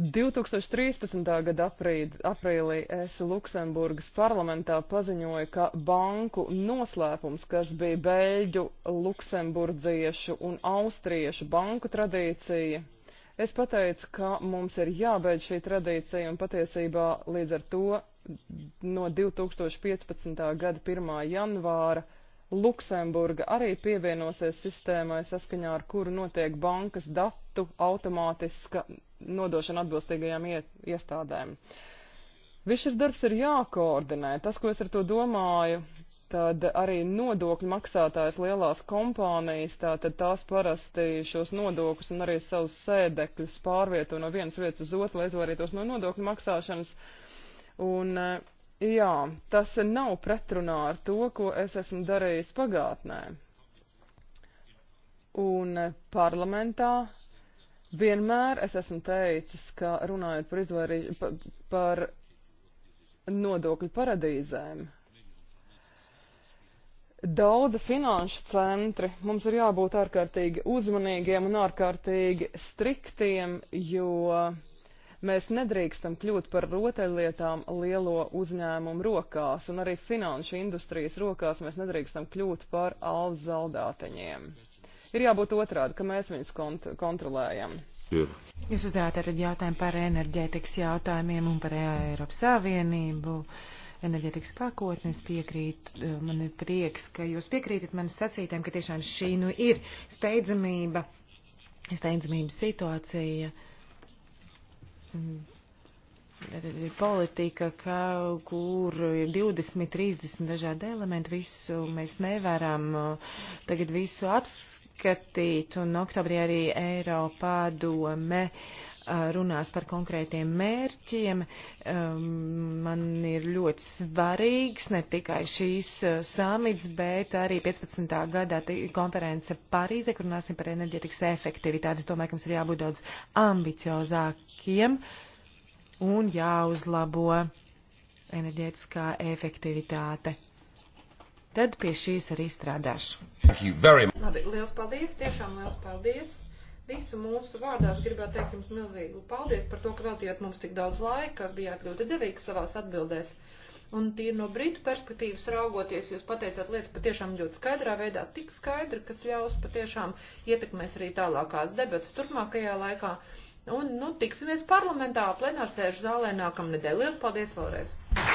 [SPEAKER 3] 2013. gada aprīd, aprīlī es Luksemburgas parlamentā paziņoju, ka banku noslēpums, kas bija beļģu, luksemburdziešu un austriešu banku tradīcija, es pateicu, ka mums ir jābeidz šī tradīcija un patiesībā līdz ar to no 2015. gada 1. janvāra Luksemburga arī pievienosies sistēmai, saskaņā ar kuru notiek bankas datu aktu automātiska nodošana atbilstīgajām iestādēm. Viss šis darbs ir jākoordinē. Tas, ko es ar to domāju, tad arī nodokļu maksātājs lielās kompānijas, tātad tās parasti šos nodokļus un arī savus sēdekļus pārvieto no vienas vietas uz otru, lai izvairītos no nodokļu maksāšanas. Un, eh, jā, tas nav pretrunā ar to, ko es esmu darījis pagātnē. Un eh, parlamentā Vienmēr es esmu teicis, ka runājot par, izvairī, pa, par nodokļu paradīzēm, daudzi finanšu centri mums ir jābūt ārkārtīgi uzmanīgiem un ārkārtīgi striktiem, jo mēs nedrīkstam kļūt par rotaļlietām lielo uzņēmumu rokās, un arī finanšu industrijas rokās mēs nedrīkstam kļūt par alzaldāteņiem. Al Ir jābūt otrādi, ka mēs viņus kont kontrolējam.
[SPEAKER 2] Jā. Jūs uzdevāt arī jautājumu par enerģētikas jautājumiem un par eh, Eiropas Savienību. Enerģētikas pakotnes piekrīt, eh, man ir prieks, ka jūs piekrītat manis sacītēm, ka tiešām šī nu ir steidzamība, steidzamības situācija mm. politika, ka, kur ir 20, 30 dažādi elementi, visu mēs nevaram eh, tagad visu aps, izskatīt, un oktobrī arī Eiropā dome uh, runās par konkrētiem mērķiem. Um, man ir ļoti svarīgs ne tikai šīs uh, samits, bet arī 15. gadā konference Parīzē, kur runāsim par enerģetikas efektivitāti. Es domāju, ka mums ir jābūt daudz ambiciozākiem un jāuzlabo enerģētiskā efektivitāte tad pie šīs arī strādāšu. Labi,
[SPEAKER 3] liels
[SPEAKER 1] paldies, tiešām liels paldies. Visu mūsu vārdā es gribētu teikt jums milzīgu paldies par to, ka veltījāt mums tik daudz laika, bijāt ļoti devīgi savās atbildēs. Un tīri no britu perspektīvas raugoties, jūs pateicāt lietas patiešām ļoti skaidrā veidā, tik skaidri, kas ļaus patiešām ietekmēs arī tālākās debatas turpmākajā laikā. Un, nu, tiksimies parlamentā, plenārsēžu zālē nākamnedēļ. Lielas paldies vēlreiz!